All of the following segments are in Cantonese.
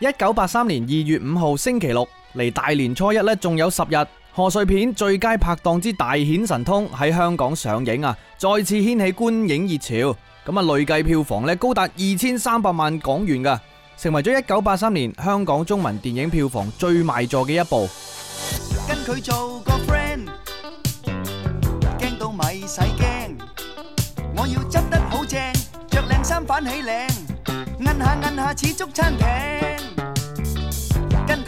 一九八三年二月五號星期六，離大年初一呢仲有十日，《賀歲片最佳拍檔之大顯神通》喺香港上映啊，再次掀起觀影熱潮。咁啊，累計票房呢高達二千三百萬港元噶，成為咗一九八三年香港中文電影票房最賣座嘅一部。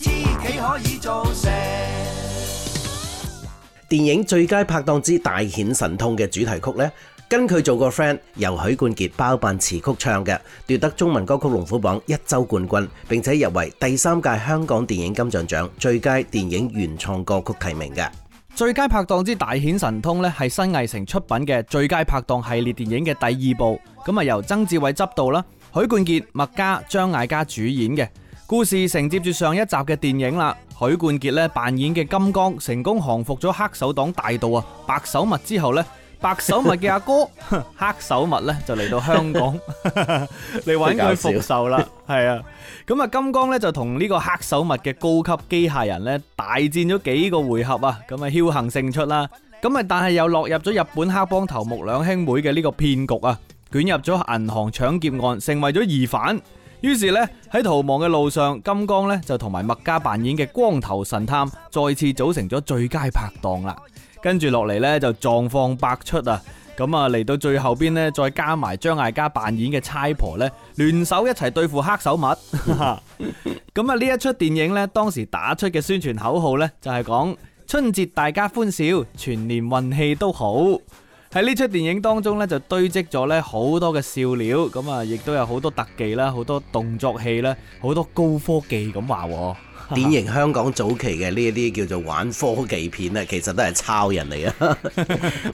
自己可以做電影最佳拍檔之大顯神通嘅主題曲呢，跟佢做個 friend，由許冠傑包辦詞曲唱嘅，奪得中文歌曲龍虎榜一週冠軍，並且入圍第三屆香港電影金像獎最佳電影原創歌曲提名嘅《最佳拍檔之大顯神通》呢，係新藝城出品嘅最佳拍檔系列電影嘅第二部，咁啊由曾志偉執導啦，許冠傑、麥嘉、張艾嘉主演嘅。故事承接住上一集嘅電影啦，許冠傑咧扮演嘅金剛成功降服咗黑手黨大盜啊，白手密之後咧，白手密嘅阿哥黑手密咧就嚟到香港嚟搵佢復仇啦，係啊，咁啊金剛咧就同呢個黑手密嘅高級機械人咧大戰咗幾個回合啊，咁啊僥倖勝出啦，咁啊但係又落入咗日本黑幫頭目兩兄妹嘅呢個騙局啊，捲入咗銀行搶劫案，成為咗疑犯。於是呢，喺逃亡嘅路上，金剛呢就同埋麥家扮演嘅光頭神探再次組成咗最佳拍檔啦。跟住落嚟呢，就狀況百出啊！咁啊嚟到最後邊呢，再加埋張艾嘉扮演嘅差婆呢，聯手一齊對付黑手物。咁啊呢一出電影呢，當時打出嘅宣傳口號呢，就係講春節大家歡笑，全年運氣都好。喺呢出電影當中呢就堆積咗呢好多嘅笑料，咁啊，亦都有好多特技啦，好多動作戲啦，好多高科技咁話喎。典型香港早期嘅呢啲叫做玩科技片啊，其實都係抄人嚟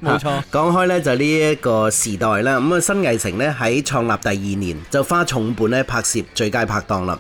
沒錯 啊。冇錯，講開呢就呢一個時代啦。咁啊，新藝城呢喺創立第二年就花重本呢，拍攝最佳拍檔啦，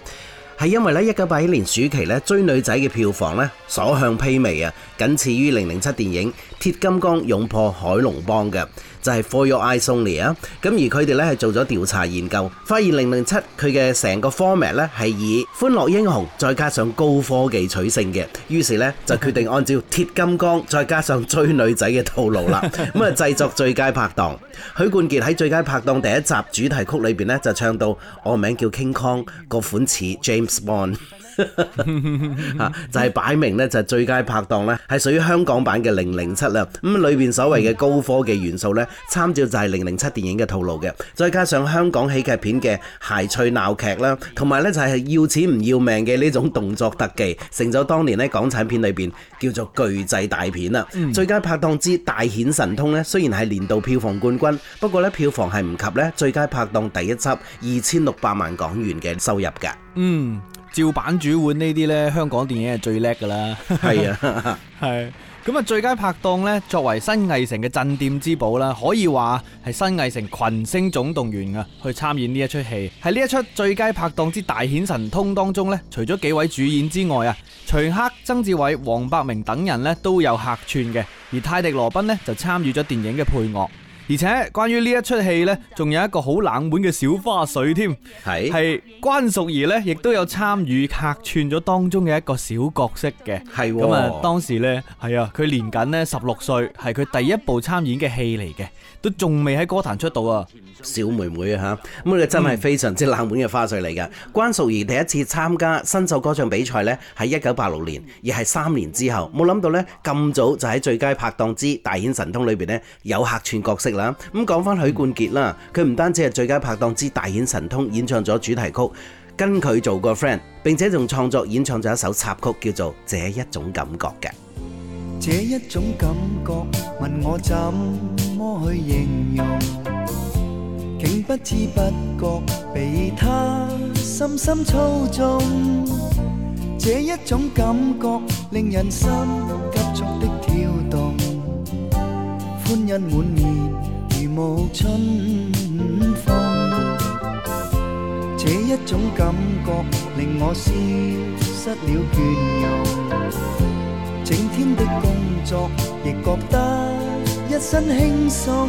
係因為呢，一九八一年暑期呢，追女仔嘅票房呢，所向披靡啊！僅次於《零零七》電影《鐵金剛》勇破海龍幫嘅就係、是、For Your Eyes Only 啊！咁而佢哋咧係做咗調查研究，發現《零零七》佢嘅成個 format 咧係以歡樂英雄再加上高科技取勝嘅，於是咧就決定按照《鐵金剛》再加上追女仔嘅套路啦。咁啊，製作《最佳拍檔》許冠傑喺《最佳拍檔》第一集主題曲裏邊咧就唱到：我名叫 King Kong，個款似 James Bond。 就係擺明呢，就係最佳拍檔呢係屬於香港版嘅零零七啦。咁裏邊所謂嘅高科技元素呢，參照就係零零七電影嘅套路嘅，再加上香港喜劇片嘅諧趣鬧劇啦，同埋呢就係要錢唔要命嘅呢種動作特技，成就當年呢港產片裏邊叫做巨製大片啦。最佳拍檔之大顯神通呢，雖然係年度票房冠軍，不過呢票房係唔及呢最佳拍檔第一輯二千六百萬港元嘅收入噶。嗯。照版煮碗呢啲呢，香港電影係最叻噶啦，係啊，係咁啊。最佳拍檔呢，作為新藝城嘅鎮店之寶啦，可以話係新藝城群星總動員啊。去參演呢一出戲。喺呢一出最佳拍檔之大顯神通當中呢，除咗幾位主演之外啊，徐克、曾志偉、黃百鳴等人呢，都有客串嘅，而泰迪羅賓呢，就參與咗電影嘅配樂。而且關於呢一出戲呢，仲有一個好冷門嘅小花絮添，係關淑怡呢，亦都有參與客串咗當中嘅一個小角色嘅，係喎。當時呢，係啊，佢年僅呢十六歲，係佢第一部參演嘅戲嚟嘅，都仲未喺歌壇出道啊。小妹妹啊，咁真係非常之冷門嘅花絮嚟嘅。嗯、關淑怡第一次參加新秀歌唱比賽呢，喺一九八六年，而係三年之後冇諗到呢，咁早就喺最佳拍檔之大顯神通裏面呢，有客串角色啦。咁講翻許冠傑啦，佢唔單止係最佳拍檔之大顯神通演唱咗主題曲，跟佢做個 friend，並且仲創作演唱咗一首插曲，叫做這一種感覺嘅。這一種感覺，問我怎麼去形容？竟不知不覺被他深深操縱，這一種感覺令人心急速的跳動，歡欣滿面如沐春風。這一種感覺令我消失了倦容，整天的工作亦覺得一身輕鬆。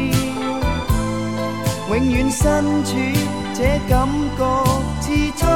永遠身處這感覺之中。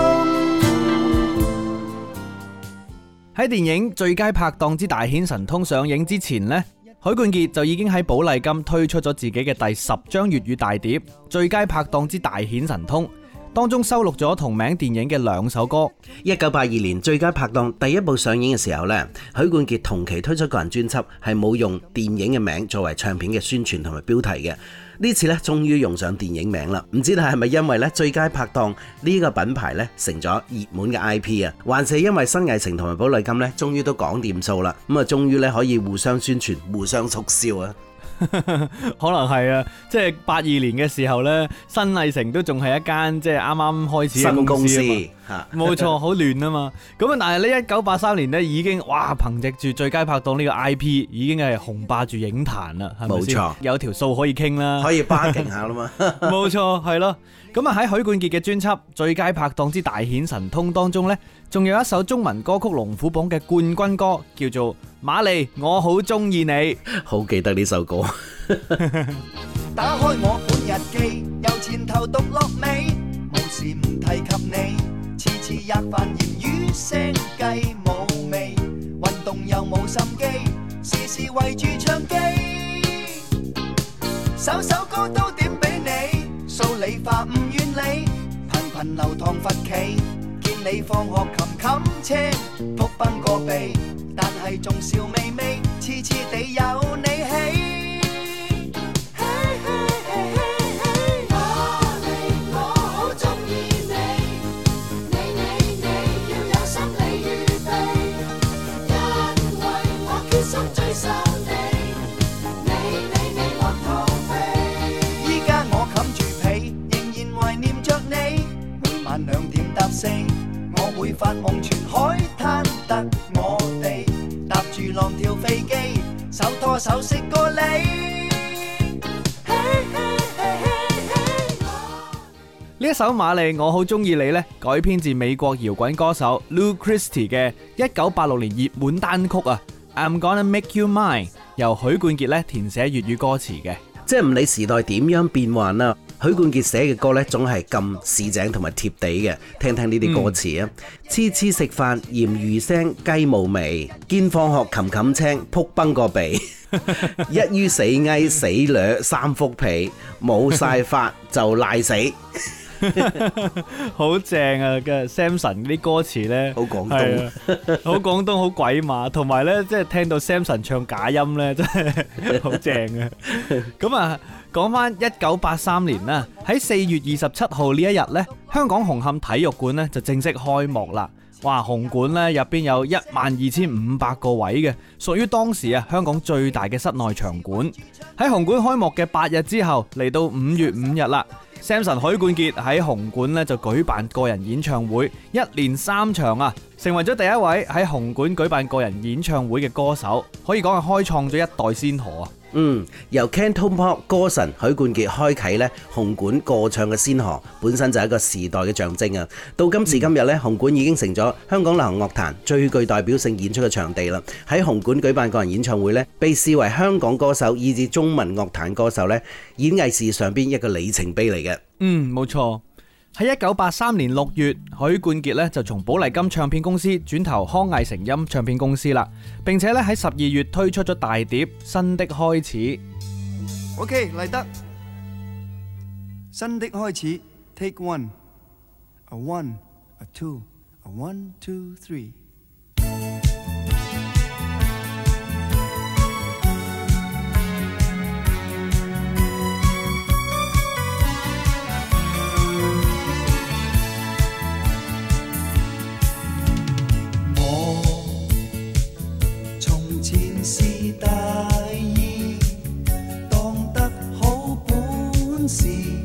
喺電影《最佳拍檔之大顯神通》上映之前呢，許冠傑就已經喺寶麗金推出咗自己嘅第十張粵語大碟《最佳拍檔之大顯神通》，當中收錄咗同名電影嘅兩首歌。一九八二年《最佳拍檔》第一部上映嘅時候呢，許冠傑同期推出個人專輯，係冇用電影嘅名，作為唱片嘅宣傳同埋標題嘅。呢次咧，終於用上電影名啦！唔知係咪因為咧最佳拍檔呢個品牌咧成咗熱門嘅 IP 啊，還是因為新藝城同埋寶麗金咧，終於都講掂數啦！咁啊，終於咧可以互相宣傳，互相促銷 啊！可能係啊，即係八二年嘅時候咧，新藝城都仲係一間即係啱啱開始嘅公司。新公司。冇錯，好亂啊嘛，咁啊，但係呢一九八三年呢已經哇，憑借住最佳拍檔呢個 I P，已經係紅霸住影壇錯啦，係咪先？冇錯，有條數可以傾啦，可以巴結下啦嘛。冇 錯，係咯，咁啊喺許冠傑嘅專輯《最佳拍檔之大顯神通》當中呢，仲有一首中文歌曲龍虎榜嘅冠軍歌，叫做《瑪莉，我好鍾意你》， 好記得呢首歌 。 打開我本日記，由前頭讀落尾，無時唔提及你。次呷飯嫌魚腥雞冇味，運動又冇心機，時時圍住唱機，首首歌都點俾你。數理化唔願理，頻頻留堂罰企，見你放學琴琴車，扑崩個鼻，但係仲笑微微，次次地有你氣。首《瑪莉我好鍾意你》呢改編自美國搖滾歌手 Lou Christie 嘅一九八六年熱門單曲啊，《I'm gonna make you mine》，由許冠傑呢填寫粵語歌詞嘅。即係唔理時代點樣變幻啦，許冠傑寫嘅歌呢，總係咁市井同埋貼地嘅，聽聽呢啲歌詞啊。痴痴食飯，鹽魚聲，雞無味；見放學，冚冚青，撲崩個鼻。一於死蟻死掠三幅被，冇晒法就賴死。好正啊！嘅 Samson 嗰啲歌詞呢，好廣東，好廣東，好鬼馬。同埋呢，即係聽到 Samson 唱假音呢，真係好正啊！咁啊，講翻一九八三年啦，喺四月二十七號呢一日呢，香港紅磡體育館呢就正式開幕啦。哇，紅館呢入邊有一萬二千五百個位嘅，屬於當時啊香港最大嘅室內場館。喺紅館開幕嘅八日之後，嚟到五月五日啦。Samson 許冠傑喺紅館咧就舉辦個人演唱會，一連三場啊，成為咗第一位喺紅館舉辦個人演唱會嘅歌手，可以講係開創咗一代先河啊！嗯，由 Cantopop 歌神許冠傑開啓咧紅館歌唱嘅先河，本身就係一個時代嘅象徵啊！到今時今日咧，紅館已經成咗香港流行樂壇最具代表性演出嘅場地啦！喺紅館舉辦個人演唱會咧，被視為香港歌手以至中文樂壇歌手咧演藝史上邊一個里程碑嚟嘅。嗯，冇錯。喺一九八三年六月，許冠傑呢就從寶麗金唱片公司轉投康藝成音唱片公司啦，並且呢喺十二月推出咗大碟《新的開始》。OK，嚟得，《新的開始》，Take one，A one，A two，A one two three。時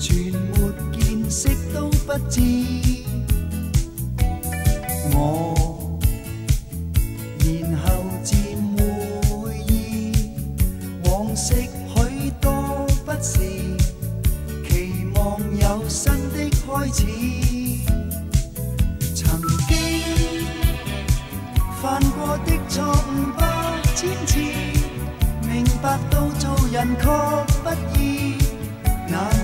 全沒見識都不知，我然後漸回憶往昔許多不是，期望有新的開始。曾經犯過的錯誤百千次，明白到做人確不易。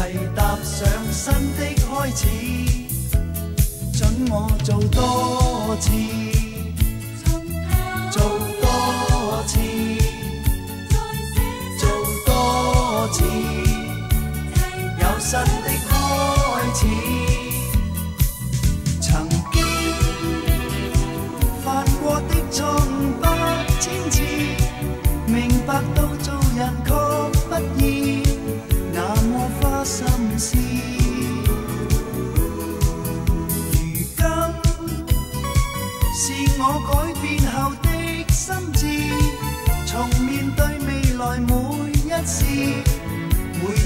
係踏上新的開始，準我做多次，做多次，做多次，有新。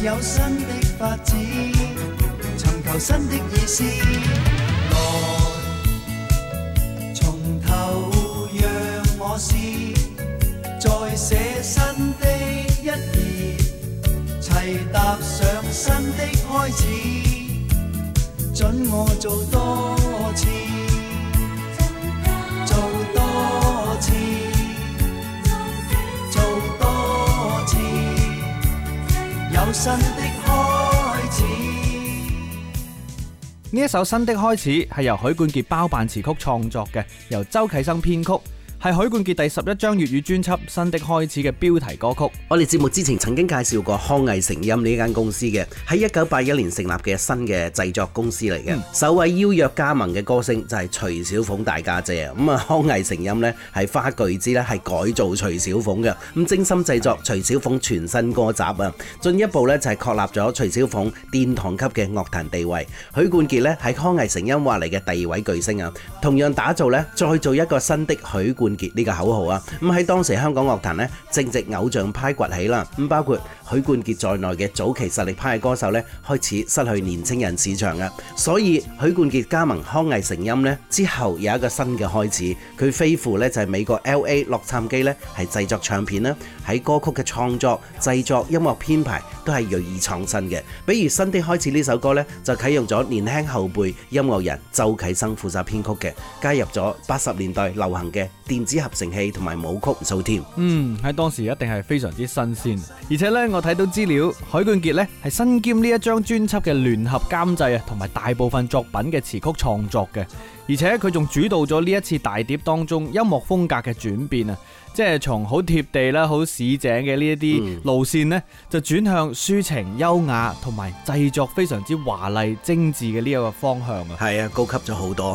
有新的發展，尋求新的意思。來，從頭讓我試，再寫新的一頁，齊踏上新的開始。准我做多次，做多次。新的開始，呢一首《新的開始》係由許冠傑包辦詞曲創作嘅，由周啟生編曲。係許冠傑第十一張粵語專輯《新的開始》嘅標題歌曲。我哋節目之前曾經介紹過康藝成音呢間公司嘅，喺一九八一年成立嘅新嘅製作公司嚟嘅。首位邀約加盟嘅歌星就係徐小鳳大家姐啊！咁啊，康藝成音呢係花巨資咧係改造徐小鳳嘅，咁精心製作徐小鳳全新歌集啊，進一步咧就係確立咗徐小鳳殿堂級嘅樂壇地位。許冠傑呢係康藝成音挖嚟嘅第二位巨星啊，同樣打造呢，再做一個新的許冠。呢個口號啊！咁喺當時香港樂壇呢，正值偶像派崛起啦。咁包括許冠傑在內嘅早期實力派嘅歌手呢，開始失去年青人市場嘅。所以許冠傑加盟康藝成音呢之後，有一個新嘅開始。佢飛赴呢，就係美國 L.A. 洛杉磯呢，係製作唱片啦。喺歌曲嘅創作、製作、音樂編排都係鋭意創新嘅。比如《新的開始》呢首歌呢，就啟用咗年輕後輩音樂人周啟生負責編曲嘅，加入咗八十年代流行嘅。電子合成器同埋舞曲，唔少添。嗯，喺當時一定係非常之新鮮。而且呢，我睇到資料，許冠傑呢係身兼呢一張專輯嘅聯合監製啊，同埋大部分作品嘅詞曲創作嘅。而且佢仲主導咗呢一次大碟當中音樂風格嘅轉變啊，即係從好貼地啦、好市井嘅呢一啲路線呢，就轉向抒情優雅同埋製作非常之華麗精緻嘅呢一個方向啊。係啊，高級咗好多。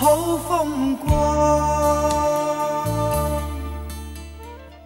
好風光，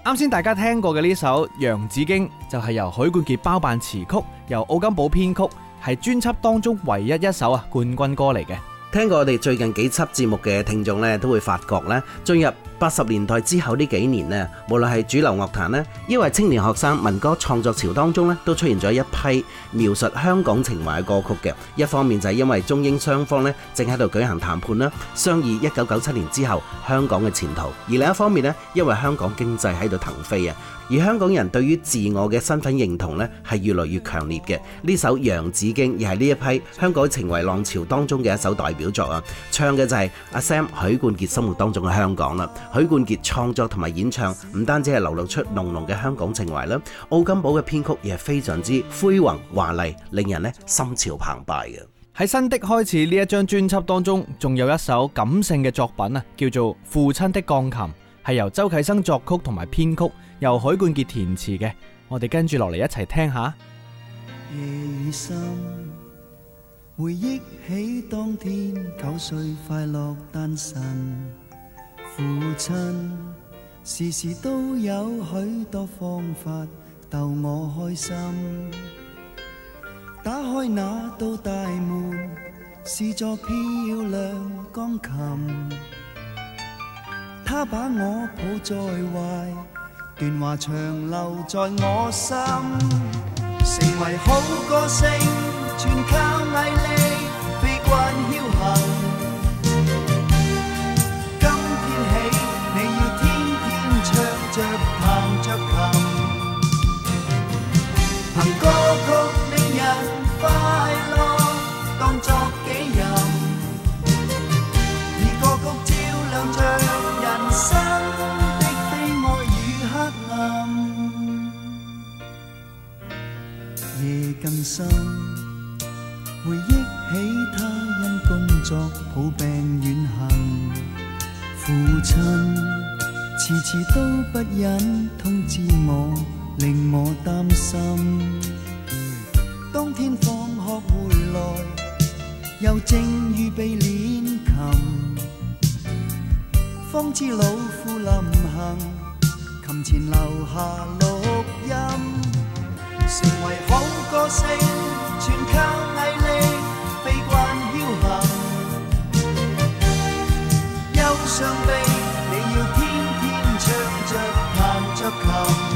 啱先大家聽過嘅呢首《洋紫荊》，就係、是、由許冠傑包辦詞曲，由奧金寶編曲，係專輯當中唯一一首啊冠軍歌嚟嘅。聽過我哋最近幾輯節目嘅聽眾咧，都會發覺咧，進入八十年代之後呢幾年呢，無論係主流樂壇呢，亦或青年學生民歌創作潮當中咧，都出現咗一批描述香港情懷嘅歌曲嘅。一方面就係因為中英雙方咧正喺度舉行談判啦，商議一九九七年之後香港嘅前途；而另一方面呢，因為香港經濟喺度騰飛啊。而香港人對於自我嘅身份認同呢，係越來越強烈嘅。呢首《洋紫荊》亦係呢一批香港情懷浪潮當中嘅一首代表作啊！唱嘅就係阿 Sam 許冠傑生活當中嘅香港啦。許冠傑創作同埋演唱唔單止係流露出濃濃嘅香港情懷啦，奧金寶嘅編曲亦係非常之輝煌華麗，令人呢心潮澎湃嘅。喺《新的開始》呢一張專輯當中，仲有一首感性嘅作品啊，叫做《父親的鋼琴》。係由周啟生作曲同埋編曲，由許冠傑填詞嘅，我哋跟住落嚟一齊聽下。夜雨深，回憶起當天九歲快樂單身，父親時時都有許多方法逗我開心，打開那道大門，是座漂亮鋼琴。他把我抱在懷，段話長留在我心，成為好歌星，全靠毅力。更深，回憶起他因工作抱病遠行，父親遲遲都不忍通知我，令我擔心。當天放學回來，又正預備練琴，方知老父臨行，琴前留下錄音。成為好歌星，全靠毅力，悲觀僥倖。憂傷悲，你要天天唱着，彈着琴。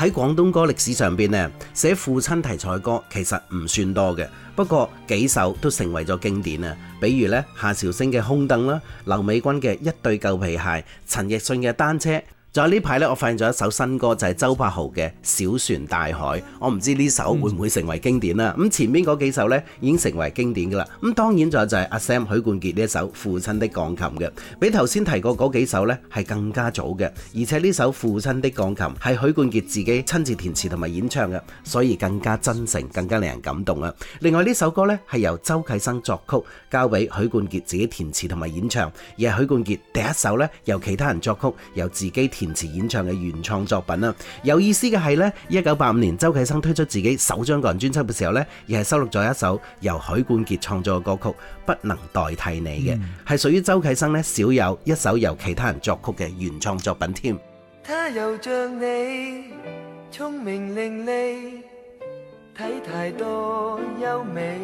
喺廣東歌歷史上邊咧，寫父親題材歌其實唔算多嘅，不過幾首都成為咗經典啊！比如咧，夏韶聲嘅《空凳》啦，劉美君嘅《一對舊皮鞋》，陳奕迅嘅《單車》。就喺呢排呢，我發現咗一首新歌，就係、是、周柏豪嘅《小船大海》。我唔知呢首會唔會成為經典啦。咁前面嗰幾首呢，已經成為經典噶啦。咁當然仲有就係就係阿 Sam 許冠傑呢一首《父親的鋼琴》嘅，比頭先提過嗰幾首呢，係更加早嘅。而且呢首《父親的鋼琴》係許冠傑自己親自填詞同埋演唱嘅，所以更加真誠，更加令人感動啊！另外呢首歌呢，係由周啟生作曲，交俾許冠傑自己填詞同埋演唱，而係許冠傑第一首呢，由其他人作曲，由自己，填詞演唱嘅原創作品啦，有意思嘅係呢，一九八五年周啟生推出自己首張個人專輯嘅時候呢，亦係收錄咗一首由許冠傑創作嘅歌曲《不能代替你》嘅，係屬於周啟生呢，少有一首由其他人作曲嘅原創作品添。他又像你」，聰明伶俐，睇太多優美，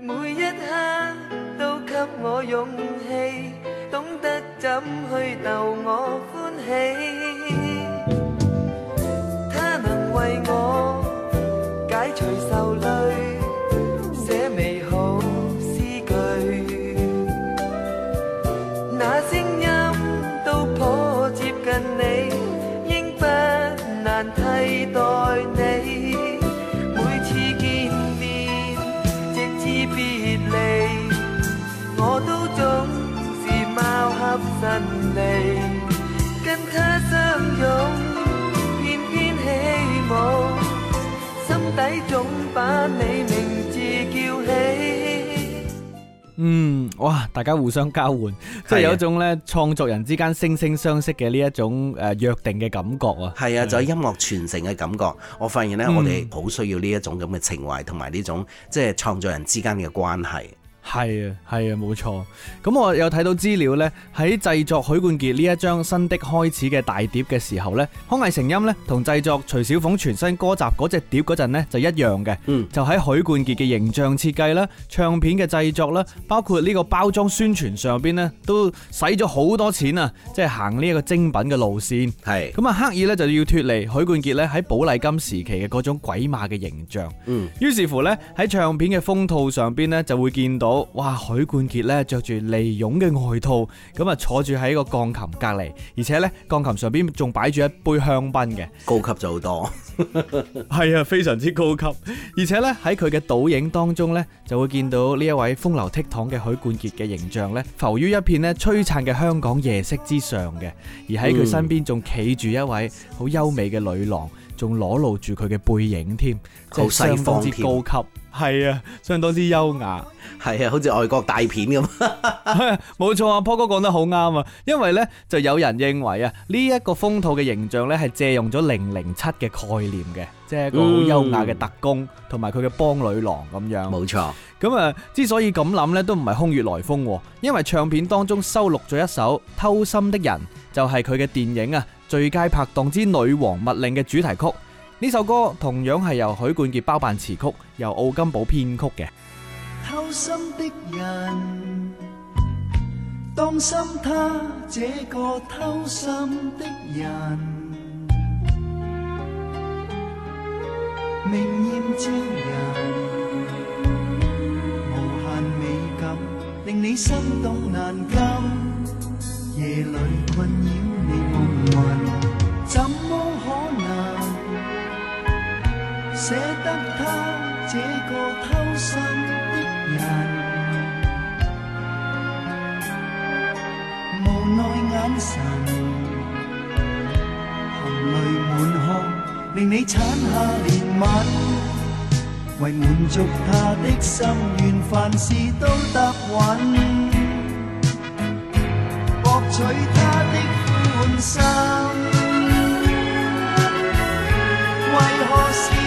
每一刻都給我勇氣懂得怎去逗我歡喜，他能為我解除愁。你名字叫嗯，哇！大家互相交換，即係有一種咧創作人之間惺惺相惜嘅呢一種誒約定嘅感覺啊。係啊，就係音樂傳承嘅感覺。感覺的我發現咧，我哋好需要呢一種咁嘅情懷同埋呢種即係創作人之間嘅關係。係啊，係啊，冇錯。咁我有睇到資料呢，喺製作許冠傑呢一張新的開始嘅大碟嘅時候呢，康藝成音呢同製作徐小鳳全新歌集嗰隻碟嗰陣呢就一樣嘅。嗯。就喺許冠傑嘅形象設計啦、唱片嘅製作啦，包括呢個包裝宣傳上邊呢，都使咗好多錢啊！即係行呢一個精品嘅路線。係是。咁啊，刻意呢就要脫離許冠傑呢喺寶麗金時期嘅嗰種鬼馬嘅形象。嗯。於是乎呢，喺唱片嘅封套上邊呢，就會見到。哇！許冠傑咧，着住呢絨嘅外套，咁啊坐住喺個鋼琴隔籬，而且咧，鋼琴上邊仲擺住一杯香檳嘅，高級咗好多。係啊，非常之高級。而且咧喺佢嘅倒影當中咧，就會見到呢一位風流倜儻嘅許冠傑嘅形象咧，浮於一片咧璀璨嘅香港夜色之上嘅。而喺佢身邊仲企住一位好優美嘅女郎，仲裸露住佢嘅背影添，即係相當之高級。係啊，相當之優雅。係啊，好似外國大片咁。冇 錯啊，波哥講得好啱啊。因為呢，就有人認為啊，呢、這、一個封套嘅形象呢，係借用咗《零零七》嘅概念嘅，即係一個好優雅嘅特工同埋佢嘅幫女郎咁樣。冇錯。咁啊，之所以咁諗呢，都唔係空穴來風，啊，因為唱片當中收錄咗一首《偷心的人》，就係佢嘅電影啊《最佳拍檔之女皇密令》嘅主題曲。呢首歌同樣係由許冠傑包辦詞曲，由奧金寶編曲嘅。令你產下憐憫，為滿足他的心願，凡事都得允，博取他的歡心。為何？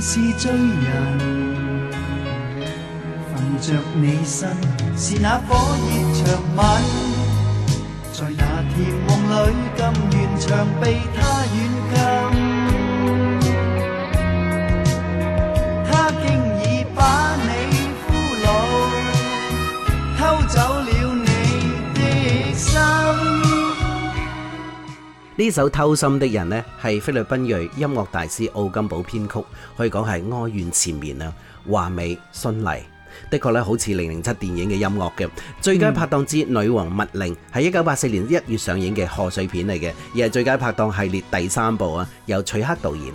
是醉人，伏着你身，是那火熱長吻，在那甜夢裏，甘願長被她。呢首《偷心的人》呢，係菲律賓裔音樂大師奧金寶編曲，可以講係哀怨纏綿啊，華美絢麗。的確咧，好似《零零七》電影嘅音樂嘅。最佳拍檔之女皇密令係一九八四年一月上映嘅賀歲片嚟嘅，而係最佳拍檔系列第三部啊，由徐克導演，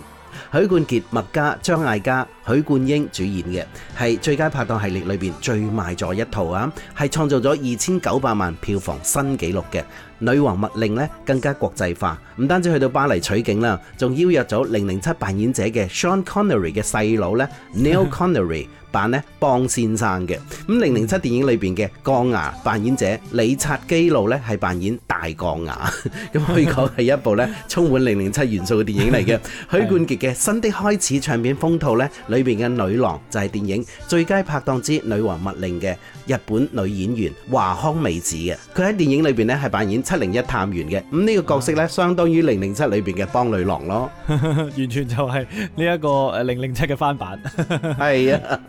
許冠傑、麥嘉、張艾嘉、許冠英主演嘅，係最佳拍檔系列裏邊最賣座一套啊，係創造咗二千九百萬票房新紀錄嘅。《女王密令》咧更加國際化，唔單止去到巴黎取景啦，仲邀約咗《零零七》扮演者嘅 Sean Connery 嘅細佬咧 Neil Connery 扮咧邦先生嘅。咁《零零七》電影裏面嘅鋼牙扮演者李察基路咧係扮演大鋼牙，咁 可以講係一部咧充滿《零零七》元素嘅電影嚟嘅。 許冠傑嘅《新的開始》唱片封套咧，裏面嘅女郎就係電影最佳拍檔之《女王密令》嘅。日本女演員華康美子嘅，佢喺電影裏邊咧係扮演七零一探員嘅，咁呢個角色咧相當於零零七裏邊嘅邦女郎咯， 完全就係呢一個誒零零七嘅翻版。係啊，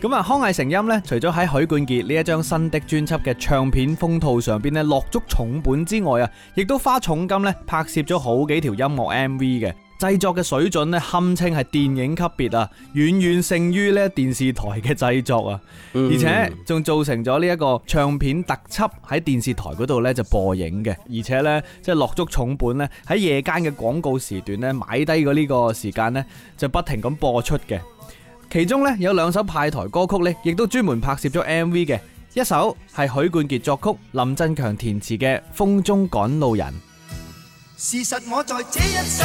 咁啊，康藝成音咧，除咗喺許冠傑呢一張新的專輯嘅唱片封套上邊咧落足重本之外啊，亦都花重金咧拍攝咗好幾條音樂 M V 嘅。製作嘅水準咧，堪稱係電影級別啊，遠遠勝於呢電視台嘅製作啊，嗯、而且仲造成咗呢一個唱片特輯喺電視台嗰度咧就播映嘅，而且咧即係落足重本咧喺夜間嘅廣告時段咧買低個呢個時間咧就不停咁播出嘅，其中咧有兩首派台歌曲咧亦都專門拍攝咗 MV 嘅，一首係許冠傑作曲、林振強填詞嘅《風中趕路人》。事實我在這一生。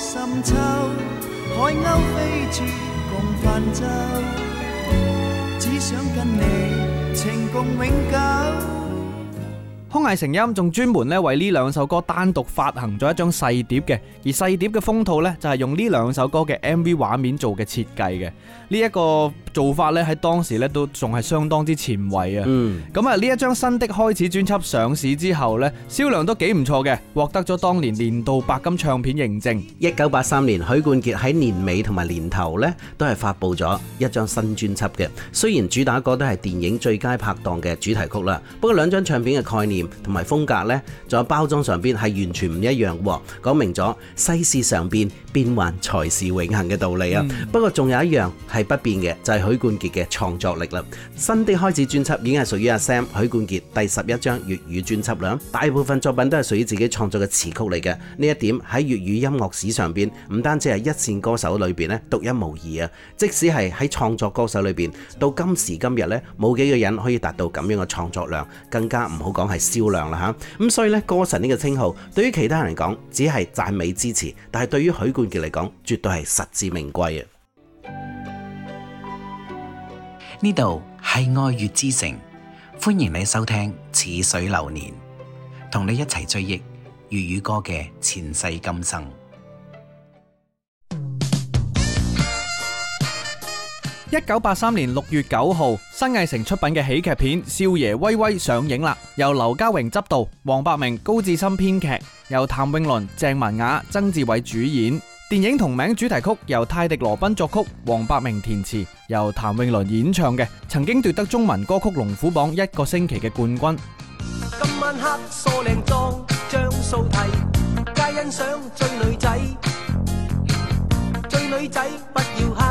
深秋，海鷗飛處共泛舟，只想跟你情共永久。康藝成音仲專門咧為呢兩首歌單獨發行咗一張細碟嘅，而細碟嘅封套呢，就係用呢兩首歌嘅 MV 畫面做嘅設計嘅，呢一個做法呢，喺當時呢都仲係相當之前衛啊。咁啊，呢一張新的開始專輯上市之後呢，銷量都幾唔錯嘅，獲得咗當年年度白金唱片認證。一九八三年，許冠傑喺年尾同埋年頭呢，都係發布咗一張新專輯嘅，雖然主打歌都係電影最佳拍檔嘅主題曲啦，不過兩張唱片嘅概念，同埋風格呢，仲有包裝上邊係完全唔一樣喎，講明咗世事常變，變幻才是永恆嘅道理啊。嗯、不過仲有一樣係不變嘅，就係、是、許冠傑嘅創作力啦。新的開始專輯已經係屬於阿 Sam 許冠傑第十一張粵語專輯啦，大部分作品都係屬於自己創作嘅詞曲嚟嘅。呢一點喺粵語音樂史上邊，唔單止係一線歌手裏邊呢，獨一無二啊。即使係喺創作歌手裏邊，到今時今日呢，冇幾個人可以達到咁樣嘅創作量，更加唔好講係。照亮啦。吓咁，所以呢，歌神呢個稱號對於其他人嚟講只係讚美之詞，但係對於許冠傑嚟講絕對係實至名歸啊！呢度係愛粵之城，歡迎你收聽《似水流年》，同你一齊追憶粵語歌嘅前世今生。一九八三年六月九號，新藝城出品嘅喜劇片《少爺威威》上映啦，由劉家榮執導，黃百鳴、高志森編劇，由譚詠麟、鄭文雅、曾志偉主演。電影同名主題曲由泰迪羅賓作曲，黃百鳴填詞，由譚詠麟演唱嘅，曾經奪得中文歌曲龍虎榜一個星期嘅冠軍。今晚黑梳靚裝，將素體，皆欣賞追女仔，追女仔不要黑。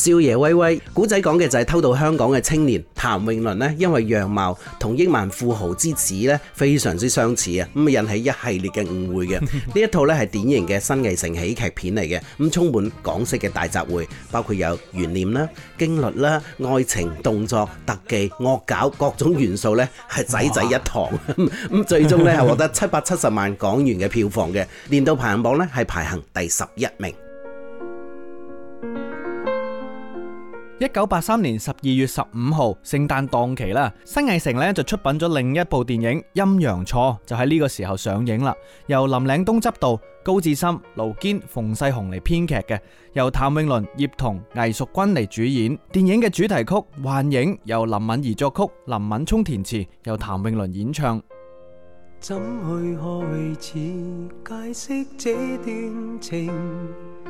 少爺威威，古仔講嘅就係偷渡香港嘅青年譚詠麟呢，因為樣貌同億萬富豪之子咧，非常之相似啊，咁啊引起一系列嘅誤會嘅。呢 一套咧係典型嘅新藝城喜劇片嚟嘅，咁充滿港式嘅大雜燴，包括有懸念啦、驚律啦、愛情、動作、特技、惡搞各種元素呢係仔仔一堂。咁 最終呢係獲得七百七十萬港元嘅票房嘅，年度排行榜呢係排行第十一名。一九八三年十二月十五號，聖誕檔期啦，新藝城呢就出品咗另一部電影《陰陽錯》，就喺呢個時候上映啦。由林嶺東執導，高志森、盧堅、馮世雄嚟編劇嘅，由譚詠麟、葉童、魏淑君嚟主演。電影嘅主題曲《幻影》由林敏怡作曲，林敏聰填詞，由譚詠麟演唱。怎去開始解釋這段情？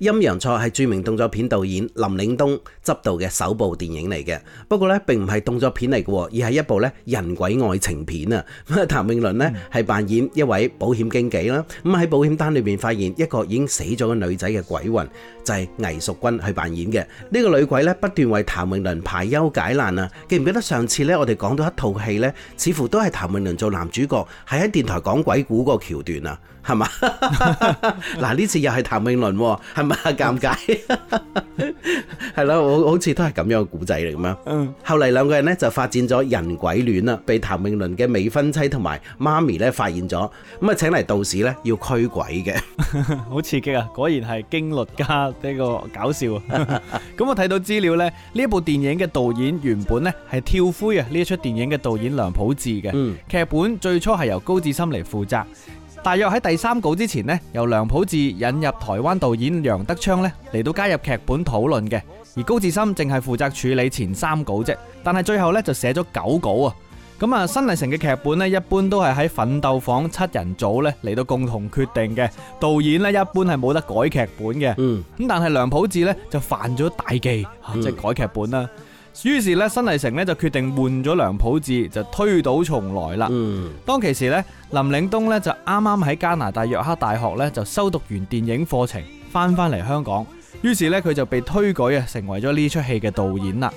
陰陽錯係著名動作片導演林嶺東執導嘅首部電影嚟嘅，不過咧並唔係動作片嚟嘅，而係一部咧人鬼愛情片啊。譚詠麟咧係扮演一位保險經紀啦，咁喺保險單裏面發現一個已經死咗嘅女仔嘅鬼魂，就係魏淑君去扮演嘅。呢個女鬼咧不斷為譚詠麟排憂解難啊。記唔記得上次咧我哋講到一套戲咧，似乎都係譚詠麟做男主角，係喺電台講鬼故嗰個橋段啊。係嘛？嗱呢 次又係譚詠麟，係咪啊？尷尬，係咯， 好好似都係咁樣嘅古仔嚟咁樣。嗯、後嚟兩個人呢就發展咗人鬼戀啦，被譚詠麟嘅未婚妻同埋媽咪咧發現咗，咁啊請嚟道士咧要驅鬼嘅，好 刺激啊！果然係驚慄加呢個搞笑。咁 我睇到資料呢，呢一部電影嘅導演原本呢係跳灰啊，呢一出電影嘅導演梁普智嘅，劇、嗯、本最初係由高志森嚟負責。大約喺第三稿之前咧，由梁普智引入台灣導演楊德昌咧嚟到加入劇本討論嘅，而高志森淨係負責處理前三稿啫。但係最後呢，就寫咗九稿啊！咁啊，新藝城嘅劇本呢，一般都係喺奮鬥坊七人組咧嚟到共同決定嘅，導演呢，一般係冇得改劇本嘅。嗯，咁但係梁普智呢，就犯咗大忌，即、啊、係、就是、改劇本啦。於是咧，新藝城咧就決定換咗梁普智，就推倒重來啦。嗯、當其時咧，林嶺東咧就啱啱喺加拿大約克大學咧就修讀完電影課程，翻翻嚟香港。於是咧，佢就被推舉啊，成為咗呢出戲嘅導演啦。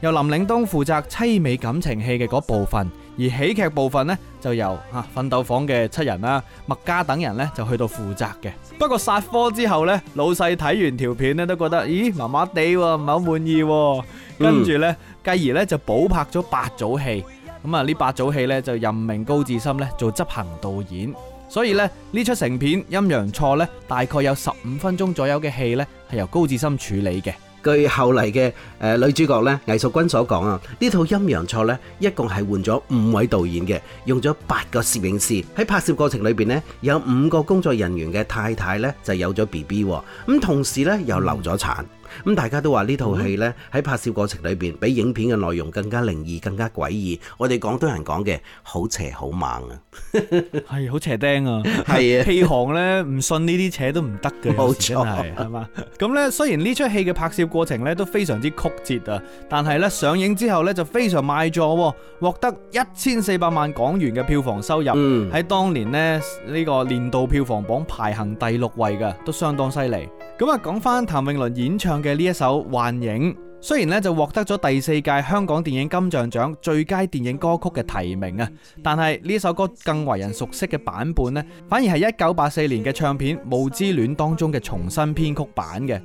由林嶺東負責凄美感情戲嘅嗰部分。而喜劇部分呢，就由嚇、啊、奮鬥房嘅七人啦、啊，麥嘉等人呢，就去到負責嘅。不過殺科之後呢，老細睇完條片呢，都覺得咦，麻麻地喎，唔係好滿意喎。嗯、跟住呢，繼而呢，就補拍咗八組戲。咁、嗯、啊，呢八組戲呢，就任命高志森呢做執行導演。所以呢，呢出成片《陰陽錯》呢，大概有十五分鐘左右嘅戲呢，係由高志森處理嘅。據後來嘅誒女主角咧，魏淑君所講啊，呢套《陰陽錯》咧，一共係換咗五位導演嘅，用咗八個攝影師。喺拍攝過程裏邊咧，有五個工作人員嘅太太咧就有咗 BB，咁同時咧又流咗產。咁大家都話呢套戲咧，喺拍攝過程裏邊，比影片嘅內容更加靈異，更加詭異。我哋廣東人講嘅好邪好猛啊，係 好邪釘啊，係啊的！呢 行咧，唔信呢啲邪都唔得嘅，冇錯係嘛？咁呢錯，雖然呢齣戲嘅拍攝過程咧都非常之曲折啊，但係呢上映之後呢就非常賣座，獲得一千四百萬港元嘅票房收入，喺、嗯、當年呢，呢個年度票房榜排行第六位嘅，都相當犀利。咁啊講翻譚詠麟演唱嘅呢一首《幻影》，雖然咧就獲得咗第四屆香港電影金像獎最佳電影歌曲嘅提名啊，但係呢首歌更為人熟悉嘅版本呢，反而係一九八四年嘅唱片《霧之戀》當中嘅重新編曲版嘅。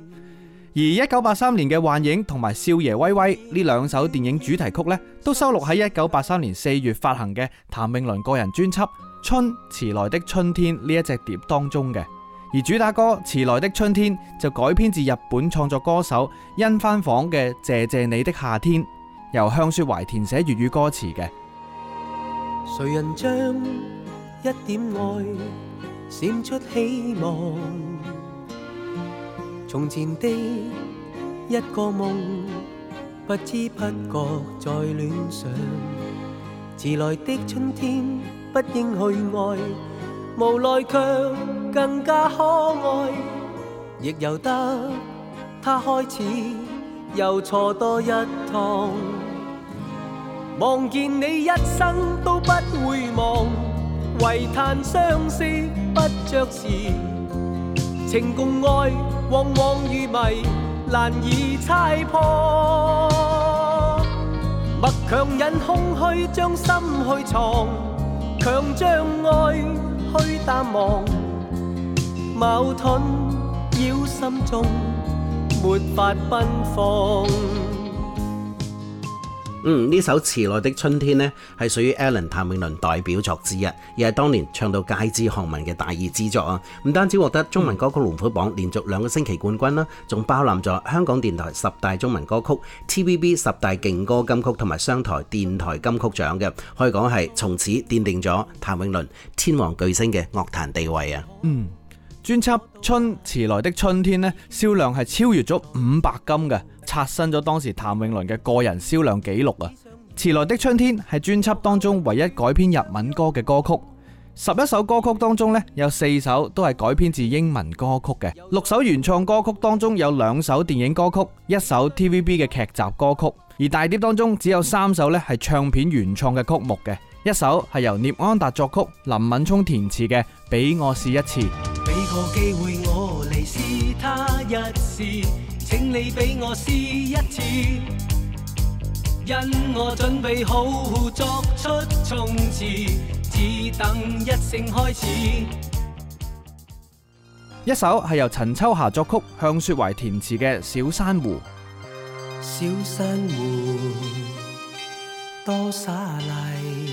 而一九八三年嘅《幻影》同埋《少爺威威》呢兩首電影主題曲呢，都收錄喺一九八三年四月發行嘅譚詠麟個人專輯《春遲來的春天》呢一隻碟當中嘅。而主打歌《遲來的春天》就改編自日本創作歌手因幡晃嘅《謝謝你的夏天》，由向雪懷填寫粵語歌詞嘅。誰人將一點愛閃出希望？從前的一個夢，不知不覺在亂想。遲來的春天，不應去愛。無奈卻更加可愛，亦由得他開始又錯多一趟。望見你一生都不會忘，唯嘆相思不着時。情共愛，往往如迷，難以猜破。默強忍空虛，將心去藏，強將愛。去淡忘，矛盾繞心中，沒法奔放。嗯，呢首《遲來的春天》呢，係屬於 Alan 譚詠麟代表作之一，亦係當年唱到街知巷聞嘅大熱之作啊！唔單止獲得中文歌曲龍虎榜連續兩個星期冠軍啦，仲包攬咗香港電台十大中文歌曲、TVB 十大勁歌金曲同埋商台電台金曲獎嘅，可以講係從此奠定咗譚詠麟天王巨星嘅樂壇地位啊！嗯，專輯《春遲來的春天》呢，銷量係超越咗五白金嘅。刷新咗當時譚詠麟嘅個人銷量紀錄啊！遲來的春天係專輯當中唯一改編日文歌嘅歌曲。十一首歌曲當中呢，有四首都係改編自英文歌曲嘅。六首原創歌曲當中有兩首電影歌曲，一首 TVB 嘅劇集歌曲。而大碟當中只有三首呢係唱片原創嘅曲目嘅，一首係由聶安達作曲、林敏聰填詞嘅《俾我試一次》。一首係由陳秋霞作曲，向雪懷填詞嘅《小珊瑚》。小珊瑚多沙麗，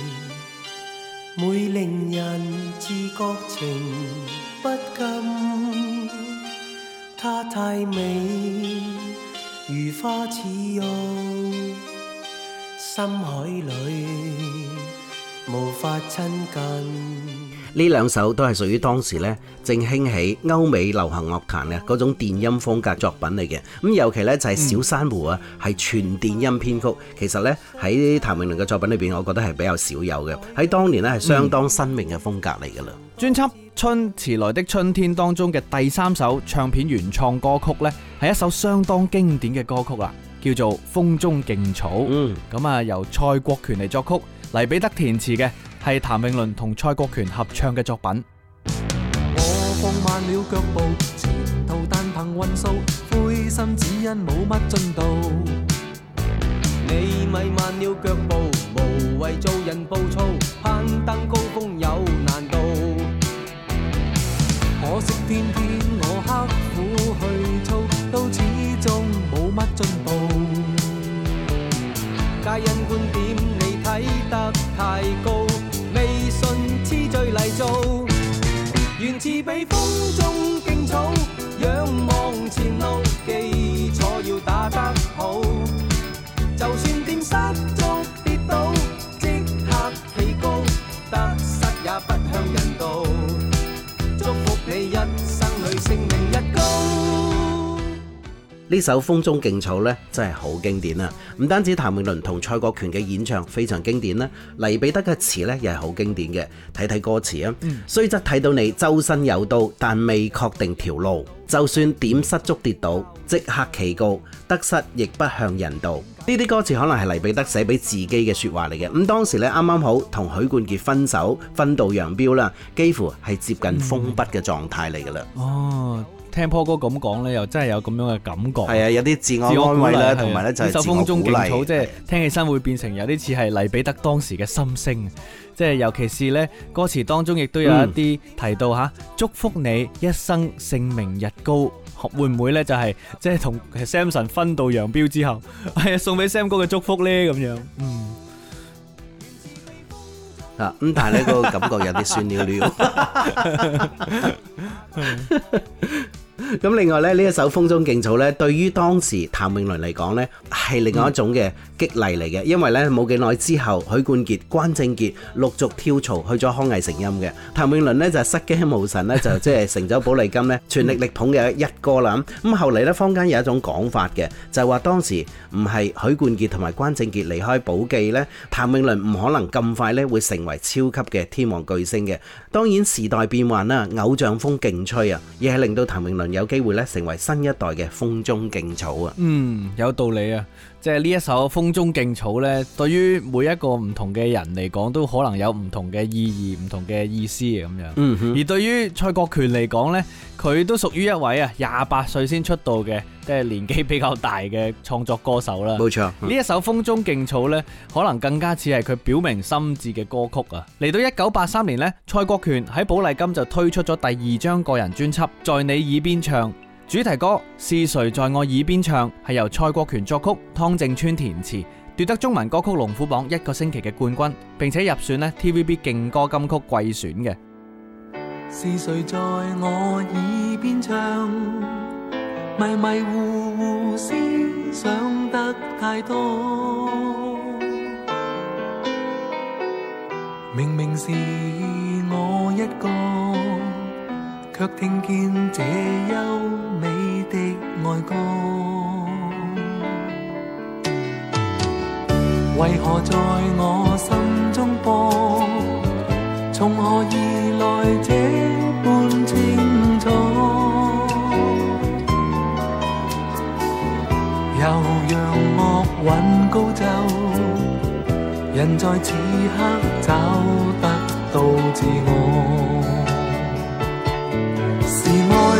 每令人自覺情不禁。花太美，如花似玉，深海裏無法親近。呢兩首都係屬於當時咧正興起歐美流行樂壇嘅嗰種電音風格作品嚟嘅，咁尤其咧就係《小珊瑚》啊，係全電音編曲，其實咧喺譚詠麟嘅作品裏邊，我覺得係比較少有嘅，喺當年咧係相當新穎嘅風格嚟㗎啦。專輯《春遲來的春天》當中嘅第三首唱片原創歌曲呢，係一首相當經典嘅歌曲啦，叫做《風中勁草》。嗯、mm. 啊，咁啊由蔡國權嚟作曲，黎彼得填詞嘅，係譚詠麟同蔡國權合唱嘅作品。我放慢了腳步，前途但憑運數，灰心只因冇乜進度。你咪慢了腳步，無謂做人暴躁，攀登高峰有。可惜，偏偏我刻苦去操，都始終冇乜進步。皆因觀點你睇得太高，未信痴醉嚟做，原似被風中勁草。呢首《風中勁草》呢，真係好經典啊！唔單止譚詠麟同蔡國權嘅演唱非常經典啦，黎彼得嘅詞呢又係好經典嘅。睇睇歌詞啊，嗯、雖則睇到你周身有刀，但未確定條路。就算點失足跌倒，即刻祈告，得失亦不向人道。呢啲歌詞可能係黎彼得寫俾自己嘅説話嚟嘅。咁當時咧啱啱好同許冠傑分手，分道揚鑣啦，幾乎係接近封筆嘅狀態嚟㗎啦。哦。聽 Paul 哥咁講咧，又真係有咁樣嘅感覺。係啊，有啲自我安慰啦，同埋咧就自我鼓勵。呢首風中勁草，即係聽起身會變成有啲似係黎彼得當時嘅心聲。即係尤其是咧，歌詞當中亦都有一啲提到嚇，祝福你一生盛名日高。會唔會咧就係即係同 Samson 分道揚鑣之後，係啊，送俾 Sam 哥嘅祝福咧咁樣。嗯。啊，咁但係咧個感覺有啲酸溜溜。咁另外咧，呢一首《風中勁草》咧，對於當時譚詠麟嚟講咧，係另外一種嘅激勵嚟嘅，因為咧冇幾耐之後，許冠傑、關正傑陸續跳槽去咗康藝成音嘅，譚詠麟咧就失驚無神咧，就即係成咗寶麗金咧，全力力捧嘅一哥啦。咁後嚟咧，坊間有一種講法嘅，就係話當時唔係許冠傑同埋關正傑離開寶記咧，譚詠麟唔可能咁快咧會成為超級嘅天王巨星嘅。當然時代變幻啦，偶像風勁吹啊，亦係令到譚詠麟。有機會咧，成為新一代嘅風中勁草啊，嗯，有道理啊。即係呢一首《風中勁草》咧，對於每一個唔同嘅人嚟講，都可能有唔同嘅意義、唔同嘅意思咁樣。嗯、哼而對於蔡國權嚟講呢，佢都屬於一位啊廿八歲先出道嘅，即係年紀比較大嘅創作歌手啦。冇錯，呢、嗯、一首《風中勁草》呢，可能更加似係佢表明心志嘅歌曲啊！嚟到一九八三年呢，蔡國權喺寶麗金就推出咗第二張個人專輯《在你耳邊唱》。主題歌是誰在我耳邊唱，係由蔡國權作曲、湯正川填詞，奪得中文歌曲龍虎榜一個星期嘅冠軍，並且入選呢 TVB 勁歌金曲季選嘅。是誰在我耳邊唱？迷迷糊糊思想得太多，明明是我一個。卻聽見這優美的愛歌，為何在我心中播？從何而來這般清楚？又讓樂韻高奏，人在此刻找得到自我。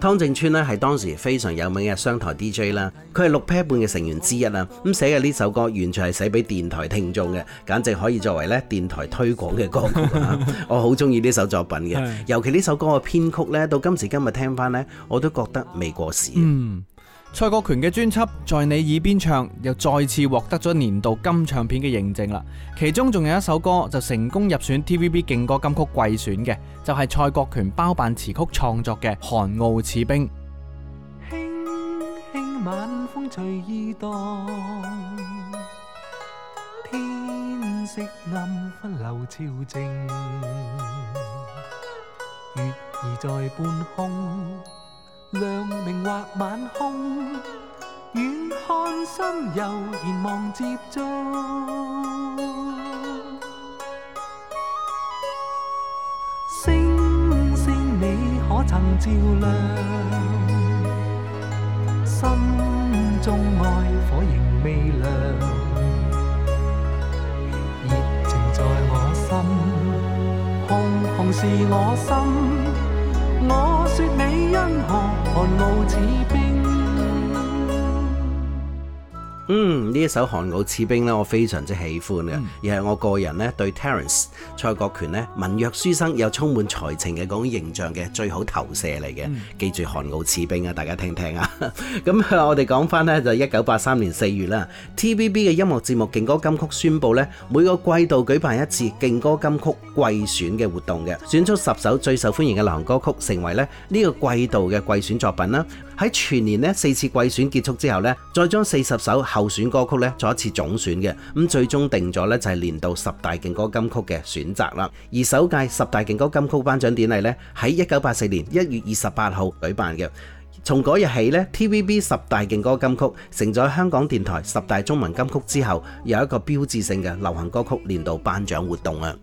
湯正川咧係當時非常有名嘅商台 DJ 啦，佢係六 pair 半嘅成員之一啦，咁寫嘅呢首歌完全係寫俾電台聽眾嘅，簡直可以作為咧電台推廣嘅歌曲啊！ 我好中意呢首作品嘅，尤其呢首歌嘅編曲咧，到今時今日聽翻咧，我都覺得未過時。嗯蔡國權嘅專輯在你耳邊唱又再次獲得咗年度金唱片嘅認證啦，其中仲有一首歌就成功入選 TVB 勁歌金曲季選嘅就係蔡國權包辦詞曲創作嘅寒傲似冰》。輕輕晚風隨意動，天色暗分流照靜，月兒在半空亮明或晚空，遠看心悠然，望接觸。星星，你可曾照亮？心中愛火仍未亮，熱情在我心，紅紅是我心。我說你因何寒傲似冰？嗯，呢一首《寒傲似冰》咧，我非常之喜歡嘅，亦係、嗯、我個人呢對 Terence 蔡國權呢文弱書生又充滿才情嘅嗰種形象嘅最好投射嚟嘅。嗯、記住《寒傲似冰》啊，大家聽聽啊。咁 我哋講翻呢，就一九八三年四月啦。TVB 嘅音樂節目勁歌金曲宣佈呢每個季度舉辦一次勁歌金曲季選嘅活動嘅，選出十首最受歡迎嘅流行歌曲，成為呢個季度嘅季選作品啦。喺全年咧，四次季選結束之後咧，再將四十首候選歌曲咧做一次總選嘅，咁最終定咗咧，就係年度十大勁歌金曲嘅選擇啦。而首屆十大勁歌金曲頒獎典禮咧喺一九八四年一月二十八號舉辦嘅，從嗰日起咧 TVB 十大勁歌金曲，成咗香港電台十大中文金曲之後，有一個標誌性嘅流行歌曲年度頒獎活動啊。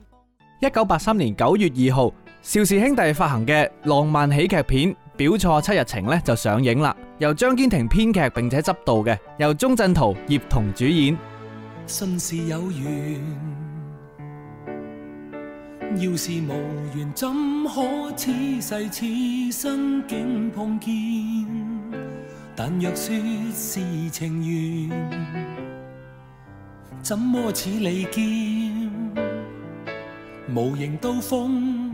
一九八三年九月二號，邵氏兄弟發行嘅浪漫喜劇片《表錯七日情》呢，就上映啦，由張堅庭編劇並且執導嘅，由鍾鎮濤、葉童主演。信是有緣，要是無緣，怎可此世此生竟碰見？但若說是情緣，怎麼似利劍，無形刀鋒。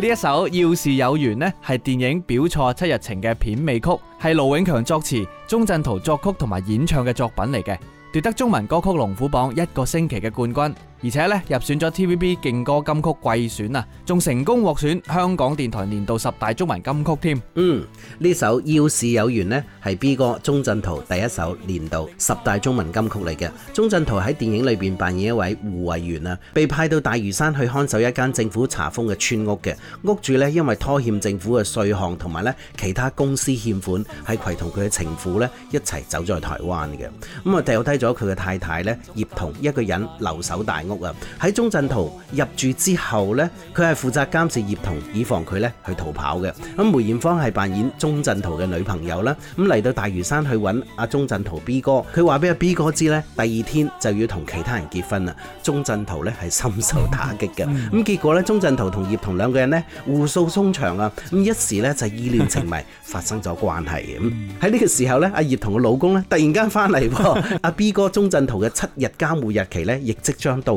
呢一首《要是有緣》呢係電影《表錯七日情》嘅片尾曲是盧，係盧永強作詞、鍾鎮濤作曲同埋演唱嘅作品嚟嘅，奪得中文歌曲龍虎榜一個星期嘅冠軍。而且咧入選咗 TVB 勁歌金曲季選啊，仲成功獲選香港電台年度十大中文金曲添。嗯，呢首《要是有緣》咧係 B 哥鍾鎮濤第一首年度十大中文金曲嚟嘅。鍾鎮濤喺電影裏邊扮演一位護衛員啊，被派到大嶼山去看守一間政府查封嘅村屋嘅屋主咧，因為拖欠政府嘅稅項同埋咧其他公司欠款，係携同佢嘅情婦咧一齊走在台灣嘅。咁啊掉低咗佢嘅太太咧，葉童一個人留守大屋喺鍾鎮濤入住之後呢，佢係負責監視葉童，以防佢呢去逃跑嘅。咁梅艷芳係扮演鍾鎮濤嘅女朋友啦。咁嚟到大嶼山去揾阿鍾鎮濤 B 哥，佢話俾阿 B 哥知呢，第二天就要同其他人結婚啦。鍾鎮濤呢係深受打擊嘅。咁結果呢，鍾鎮濤同葉童兩個人呢互訴衷腸啊，咁一時呢就意亂情迷，發生咗關係。咁喺呢個時候呢，阿葉童嘅老公呢突然間翻嚟，阿 B 哥鍾鎮濤嘅七日監護日期呢，亦即將到。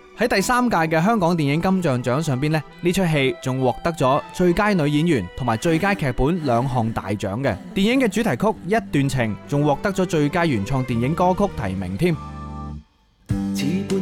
喺第三屆嘅香港電影金像獎上邊咧，呢出戲仲獲得咗最佳女演員同埋最佳劇本兩項大獎嘅。電影嘅主題曲《一段情》仲獲得咗最佳原創電影歌曲提名添。似半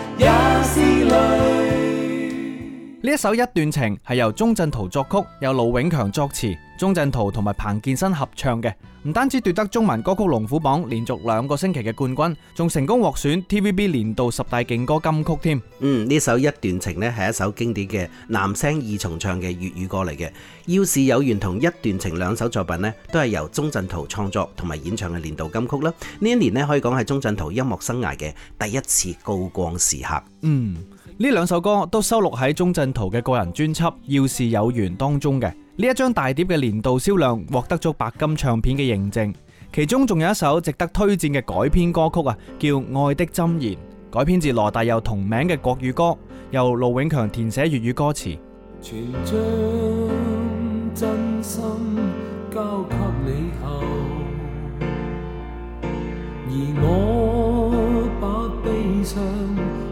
一首《一段情》係由鍾鎮濤作曲，由盧永強作詞，鍾鎮濤同埋彭健新合唱嘅。唔單止奪得中文歌曲龍虎榜連續兩個星期嘅冠軍，仲成功獲選 TVB 年度十大勁歌金曲添。嗯，呢首《一段情》咧係一首經典嘅男聲二重唱嘅粵語歌嚟嘅。要是有緣同一段情兩首作品咧，都係由鍾鎮濤創作同埋演唱嘅年度金曲啦。呢一年咧可以講係鍾鎮濤音樂生涯嘅第一次高光時刻。嗯。呢兩首歌都收錄喺鍾鎮濤嘅個人專輯《要是有緣》當中嘅。呢一張大碟嘅年度銷量獲得咗白金唱片嘅認證，其中仲有一首值得推薦嘅改編歌曲啊，叫《愛的箴言》，改編自羅大佑同名嘅國語歌，由盧永強填寫粵語歌詞。全將真心交給你後，而我把悲傷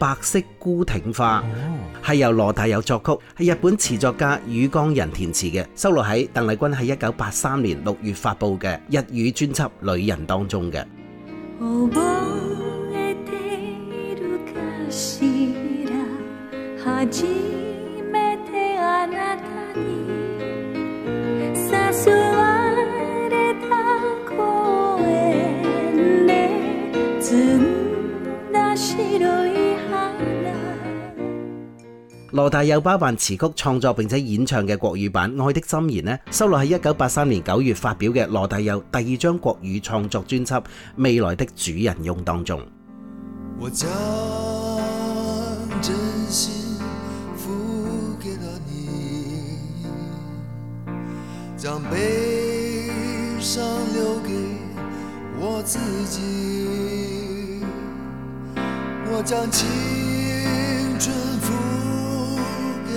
白色孤挺花，係由羅大佑作曲，係日本詞作家宇江人填詞嘅，收錄喺鄧麗君喺一九八三年六月發佈嘅日語專輯《女人》當中嘅。 羅大佑包辦詞曲創作並且演唱嘅國語版《愛的箴言》呢，收錄喺一九八三年九月發表嘅羅大佑第二張國語創作專輯《未來的主人翁》當中。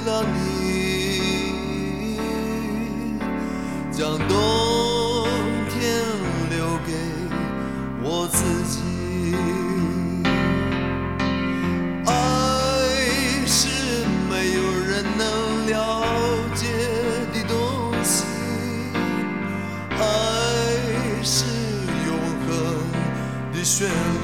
為了你，將冬天留給我自己。愛是沒有人能了解的東西，愛是永恆的旋律。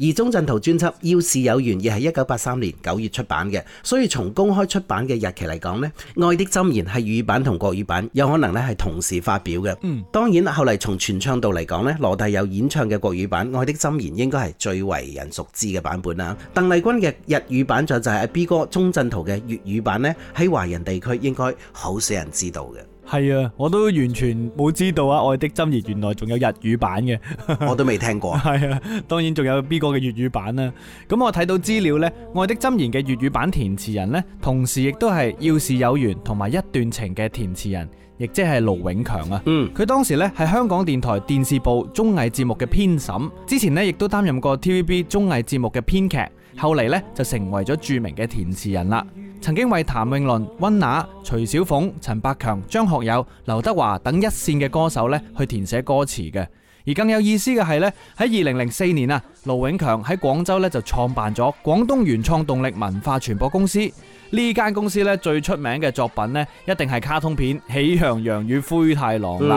而鍾鎮濤專輯《要是有緣》亦係一九八三年九月出版嘅，所以從公開出版嘅日期嚟講咧，《愛的箴言》係粵語版同國語版有可能咧係同時發表嘅。嗯，當然後嚟從傳唱度嚟講呢，羅大佑演唱嘅國語版《愛的箴言》應該係最為人熟知嘅版本啦。鄧麗君嘅日語版仲就係阿 B 哥鍾鎮濤嘅粵語版咧，喺華人地區應該好少人知道嘅。係啊，我都完全冇知道啊！愛的箴言原來仲有日語版嘅，我都未聽過。係 啊，當然仲有 B 哥嘅粵語版啦，啊。咁我睇到資料呢，《愛的箴言》嘅粵語版填詞人呢，同時亦都係《要是有緣》同埋《一段情》嘅填詞人，亦即係盧永強啊。嗯，佢當時呢係香港電台電視部綜藝節目嘅編審，之前呢亦都擔任過 TVB 綜藝節目嘅編劇。後嚟咧就成為咗著名嘅填詞人啦，曾經為譚詠麟、溫拿、徐小鳳、陳百強、張學友、劉德華等一線嘅歌手咧去填寫歌詞嘅。而更有意思嘅係呢喺二零零四年啊，盧永強喺廣州呢就創辦咗廣東原創動力文化傳播公司。呢間公司呢最出名嘅作品呢，一定係卡通片《喜羊羊與灰太狼》啦。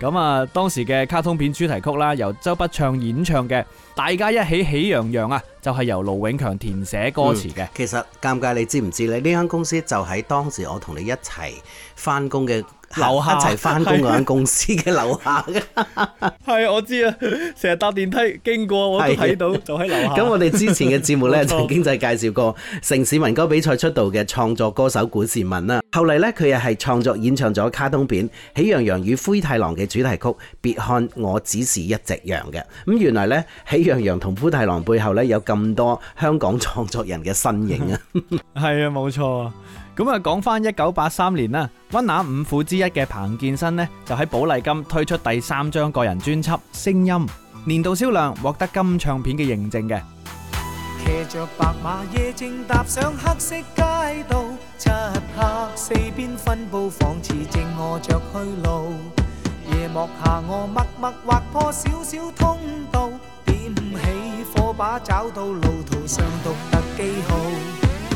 咁啊，當時嘅卡通片主題曲啦，由周筆暢演唱嘅《大家一起喜羊羊》啊，就係、是、由盧永強填寫歌詞嘅、嗯。其實尷尬，你知唔知你呢間公司就喺當時我同你一齊返工嘅？樓下一齊翻工嗰間公司嘅樓下嘅，係啊的， 我知啊，成日搭電梯經過我都，我睇到就喺樓下。咁我哋之前嘅節目呢，錯曾經就介紹過城市民歌比賽出道嘅創作歌手古倩文啦。後嚟呢，佢又係創作演唱咗卡通片《喜羊羊與灰太狼》嘅主題曲《別看我只是一隻羊》嘅。咁原來呢，《喜羊羊》同《灰太狼》背後呢，有咁多香港創作人嘅身影啊！係啊， 冇錯啊！咁啊，講翻一九八三年啦，溫拿五虎之一嘅彭健新呢，就喺寶麗金推出第三張個人專輯《聲音》，年度銷量獲得金唱片嘅認證嘅。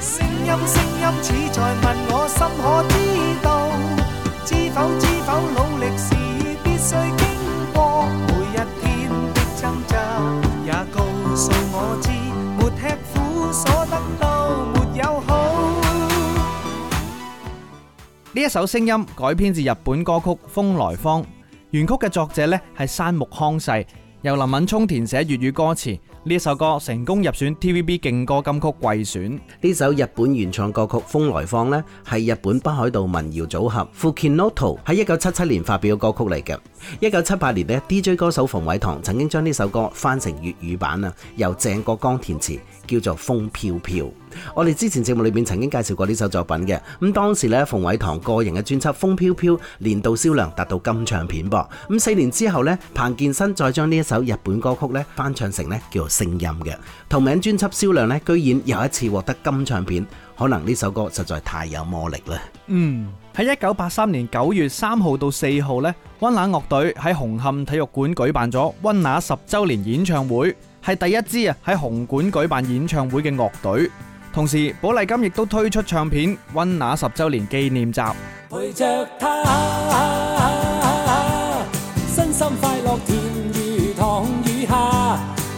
聲音，聲音，似在問我心可知道？知否，知否，努力是必須經過每一天的掙扎，也告訴我知，沒吃苦所得到沒有好。呢一首聲音改編自日本歌曲《風來方》，原曲嘅作者呢係山木康世，由林敏聰填寫粵語歌詞。呢首歌成功入選 TVB 勁歌金曲季選。呢首日本原創歌曲《風來放》呢，係日本北海道民謠組合 Fukinoto 喺一九七七年發表嘅歌曲嚟嘅。一九七八年呢，DJ 歌手馮偉棠曾經將呢首歌翻成粵語版啊，由鄭國江填詞，叫做《風飄飄》。我哋之前節目裏面曾經介紹過呢首作品嘅。咁當時呢，馮偉棠個人嘅專輯《風飄飄》年度銷量達到金唱片噃。咁四年之後呢，彭健新再將呢一首日本歌曲呢，翻唱成呢，叫做。聲音嘅同名專輯銷量咧，居然又一次獲得金唱片，可能呢首歌實在太有魔力啦。嗯，喺一九八三年九月三號到四號咧，溫拿樂隊喺紅磡體育館舉辦咗溫拿十周年演唱會，係第一支啊喺紅館舉辦演唱會嘅樂隊。同時，寶麗金亦都推出唱片《溫拿十周年紀念集》。陪着她、身心快樂。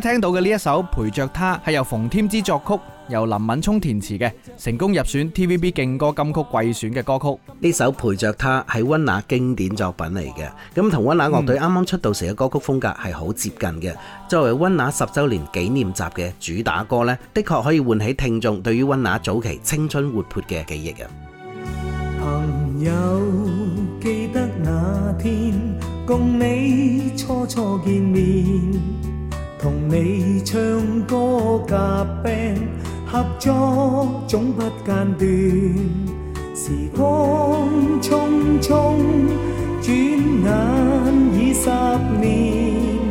聽到嘅呢一首《陪着她》係由馮添枝作曲，由林敏聰填詞嘅，成功入選 TVB 勁歌金曲季選嘅歌曲。呢首《陪着她》係溫拿經典作品嚟嘅，咁同溫拿樂隊啱啱出道時嘅歌曲風格係好接近嘅。嗯、作為溫拿十周年紀念集嘅主打歌呢的確可以喚起聽眾對於溫拿早期青春活潑嘅記憶啊！朋友記得那天共你初初見面。同你唱歌夾 band 合作總不間斷，時光匆匆，轉眼已十年。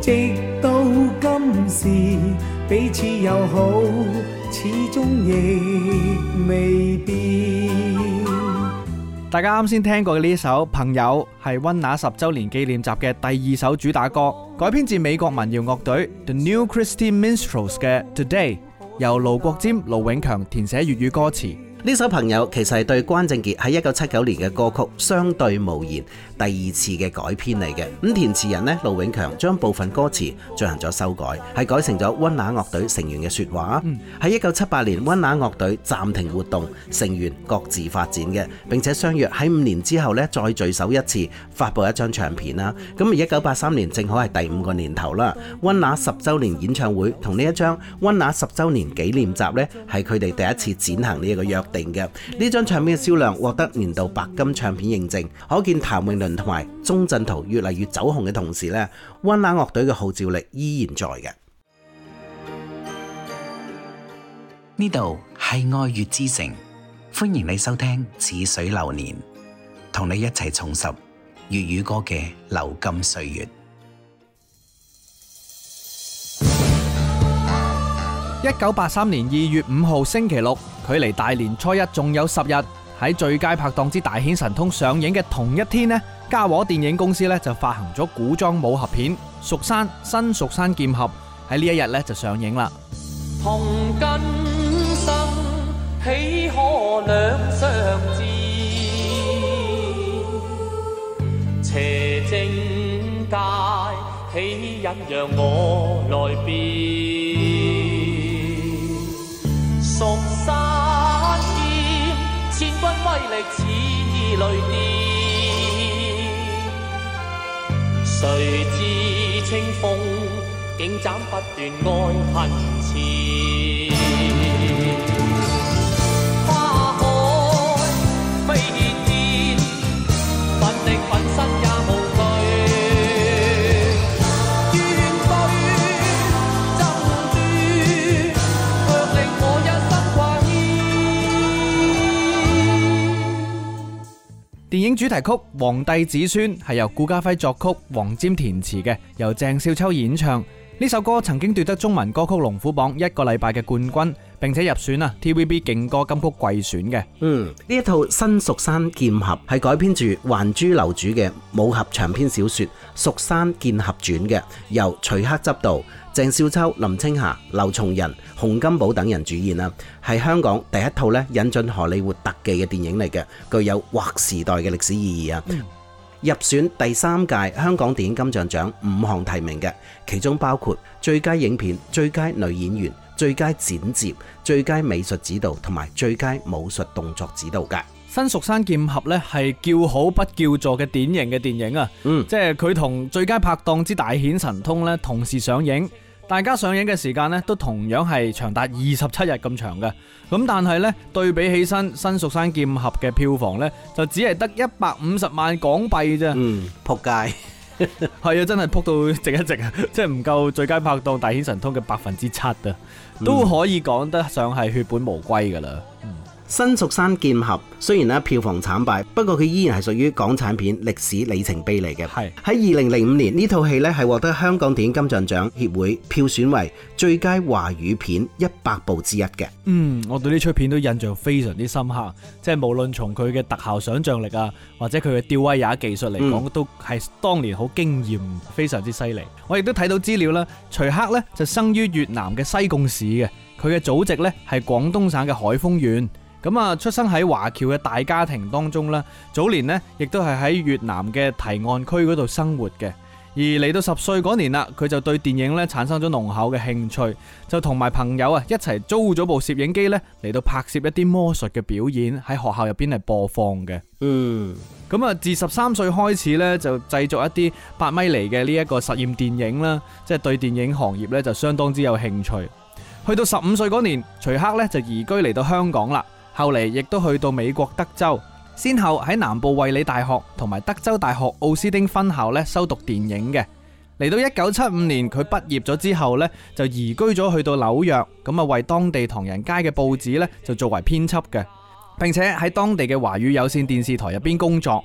直到今時，彼此又好，始終亦未變。大家啱先聽過嘅呢首《朋友》係溫拿十週年紀念集嘅第二首主打歌，改編自美國民謠樂隊 The New Christy Minstrels 嘅《Today》，由盧國沾、盧永強填寫粵語歌詞。呢首《朋友》其實係對關正傑喺一九七九年嘅歌曲《相對無言》。第二次嘅改編嚟嘅，咁填詞人呢，盧永強將部分歌詞進行咗修改，係改成咗温拿樂隊成員嘅説話。喺一九七八年，温拿樂隊暫停活動，成員各自發展嘅，並且相約喺五年之後呢，再聚首一次，發布一張唱片啦。咁啊，一九八三年正好係第五個年頭啦，温拿十週年演唱會同呢一張《温拿十週年紀念集》呢，係佢哋第一次展行呢一個約定嘅。呢張唱片嘅銷量獲得年度白金唱片認證，可見譚詠麟，同埋鐘鎮濤越嚟越走紅嘅同時咧，温拿樂隊嘅號召力依然在嘅。呢度係愛粵之城，歡迎你收聽《似水流年》，同你一齊重拾粵語歌嘅流金歲月。一九八三年二月五號星期六，距離大年初一仲有十日，喺最佳拍檔之大顯神通上映嘅同一天咧。嘉禾電影公司呢就發行咗古裝武俠片《蜀山》，新《蜀山劍俠》喺呢一日呢就上映啦。誰知清風竟斬不斷愛恨。電影主題曲《黃帝子孫》係由顧嘉輝作曲、黃沾填詞嘅，由鄭少秋演唱。呢首歌曾經奪得中文歌曲龍虎榜一個禮拜嘅冠軍，並且入選啊 TVB 勁歌金曲季選嘅。嗯，呢一套《新蜀山劍俠》係改編住《還珠樓主》嘅武俠長篇小說《蜀山劍俠傳》嘅，由徐克執導。鄭少秋、林青霞、劉松仁、洪金寶等人主演啊，係香港第一套咧引進荷里活特技嘅電影嚟嘅，具有劃時代嘅歷史意義啊！嗯，入選第三屆香港電影金像獎五項提名嘅，其中包括最佳影片、最佳女演員、最佳剪接、最佳美術指導同埋最佳武術動作指導嘅。《新蜀山劍俠》咧係叫好不叫座嘅典型嘅電影啊，嗯、即係佢同《最佳拍檔之大顯神通》咧同時上映，大家上映嘅時間呢都同樣係長達二十七日咁長嘅，咁但係呢，對比起新，《新蜀山劍俠》嘅票房呢，就只係得一百五十萬港幣咋，扑街係啊，真係扑到直一直啊，即係唔夠《最佳拍檔》大顯神通嘅百分之七啊，都可以講得上係血本無歸噶啦。新蜀山劍俠雖然呢，票房慘敗，不過佢依然係屬於港產片歷史里程碑嚟嘅，係喺二零零五年呢套戲呢，係獲得香港電影金像獎協會票選為最佳華語片一百部之一嘅。嗯，我對呢出片都印象非常之深刻，即係無論從佢嘅特效想像力啊，或者佢嘅吊威亞技術嚟講，嗯、都係當年好驚豔，非常之犀利。我亦都睇到資料啦，徐克呢就生於越南嘅西貢市嘅，佢嘅祖籍呢係廣東省嘅海豐縣。咁啊，出生喺華僑嘅大家庭當中啦，早年呢，亦都係喺越南嘅堤岸區嗰度生活嘅。而嚟到十歲嗰年啦，佢就對電影咧產生咗濃厚嘅興趣，就同埋朋友啊一齊租咗部攝影機咧嚟到拍攝一啲魔術嘅表演喺學校入邊嚟播放嘅。嗯，咁啊，自十三歲開始咧就製作一啲八米厘嘅呢一個實驗電影啦，即係對電影行業咧就相當之有興趣。去到十五歲嗰年，徐克咧就移居嚟到香港啦。後嚟亦都去到美國德州，先後喺南部衛理大學同埋德州大學奧斯丁分校咧修讀電影嘅。嚟到一九七五年佢畢業咗之後咧，就移居咗去到紐約，咁啊，為當地唐人街嘅報紙咧就作為編輯嘅，並且喺當地嘅華語有線電視台入邊工作。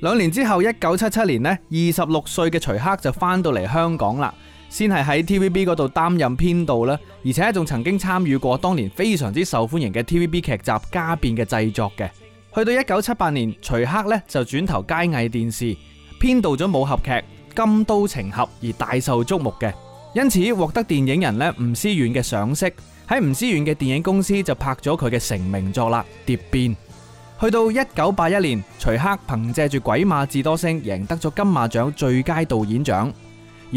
兩年之後，一九七七年呢，二十六歲嘅徐克就翻到嚟香港啦。先係喺 TVB 嗰度擔任編導啦，而且仲曾經參與過當年非常之受歡迎嘅 TVB 劇集《家變》嘅製作嘅。去到一九七八年，徐克呢就轉投佳藝電視編導咗武俠劇《金刀情俠》，而大受矚目嘅，因此獲得電影人呢吳思遠嘅賞識，喺吳思遠嘅電影公司就拍咗佢嘅成名作啦《蝶變》。去到一九八一年，徐克憑借住《鬼馬智多星》贏得咗金馬獎最佳導演獎。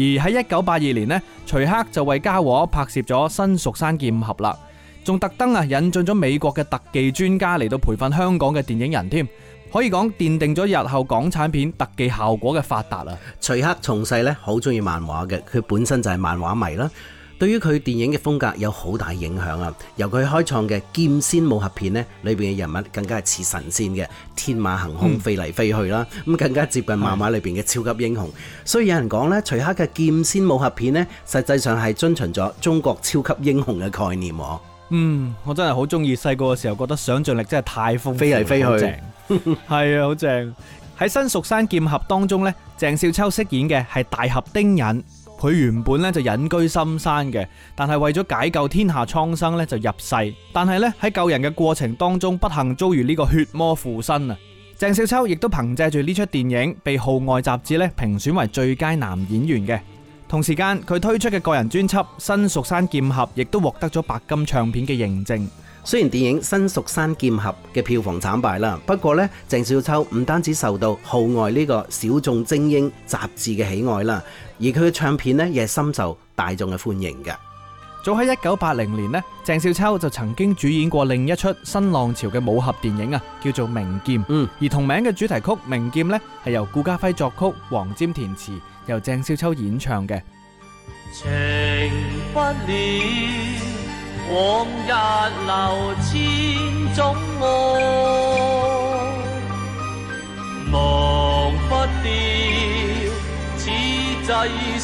而喺一九八二年呢，徐克就為嘉禾拍攝咗《新蜀山劍俠》啦，仲特登啊引進咗美國嘅特技專家嚟到培訓香港嘅電影人添，可以講奠定咗日後港產片特技效果嘅發達啦。徐克從細咧好中意漫畫嘅，佢本身就係漫畫迷啦。對於佢電影嘅風格有好大影響啊！由佢開創嘅劍仙武俠片呢，裏邊嘅人物更加係似神仙嘅，天馬行空飛嚟飛去啦，咁更加接近漫畫裏邊嘅超級英雄。所以有人講呢，徐克嘅劍仙武俠片呢，實際上係遵循咗中國超級英雄嘅概念喎。嗯，我真係好中意細個嘅時候覺得想像力真係太豐富了，飛嚟飛去很棒，係 啊，好正！喺新蜀山劍俠當中呢，鄭少秋飾演嘅係大俠丁隱。佢原本咧就隱居深山嘅，但係為咗解救天下蒼生咧，就入世。但係咧喺救人嘅過程當中，不幸遭遇呢個血魔附身啊！鄭少秋亦都憑藉住呢出電影，被《號外》雜誌咧評選為最佳男演員嘅。同時間，佢推出嘅個人專輯《新蜀山劍俠》亦都獲得咗白金唱片嘅認證。雖然電影《新蜀山劍俠》嘅票房慘敗啦，不過咧，鄭少秋唔單止受到《號外》呢個小眾精英雜誌嘅喜愛啦。而佢嘅唱片呢，亦係深受大眾嘅歡迎嘅。早喺一九八零年呢，鄭少秋就曾經主演過另一出新浪潮嘅武俠電影啊，叫做《名劍》。嗯，而同名嘅主題曲《名劍》呢，係由顧嘉輝作曲、黃霑填詞，由鄭少秋演唱嘅。情不了，往日流千種愛，忘不安，有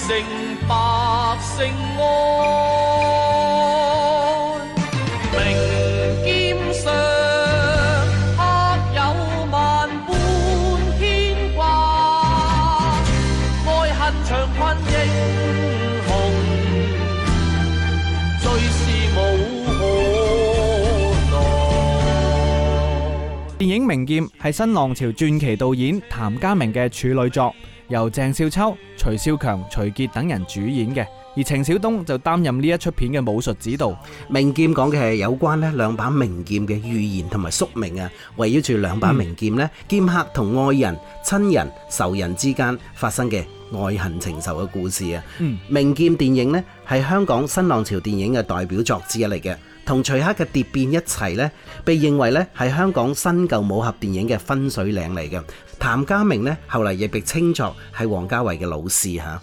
最是電影《名劍》係新浪潮傳奇導演譚家明嘅處女作。由鄭少秋、徐少強、徐杰等人主演嘅，而程小東就擔任呢一出片嘅武術指導。名劍《名劍》講嘅係有關咧兩把名劍嘅預言同埋宿命啊，圍繞住兩把名劍咧，劍客同愛人、親人、仇人之間發生嘅愛恨情仇嘅故事啊。《名劍》電影咧係香港新浪潮電影嘅代表作之一嚟嘅，同徐克嘅《蝶變》一齊咧，被認為咧係香港新舊武俠電影嘅分水嶺嚟嘅。譚家明咧後嚟亦被稱作係王家衛嘅老師吓。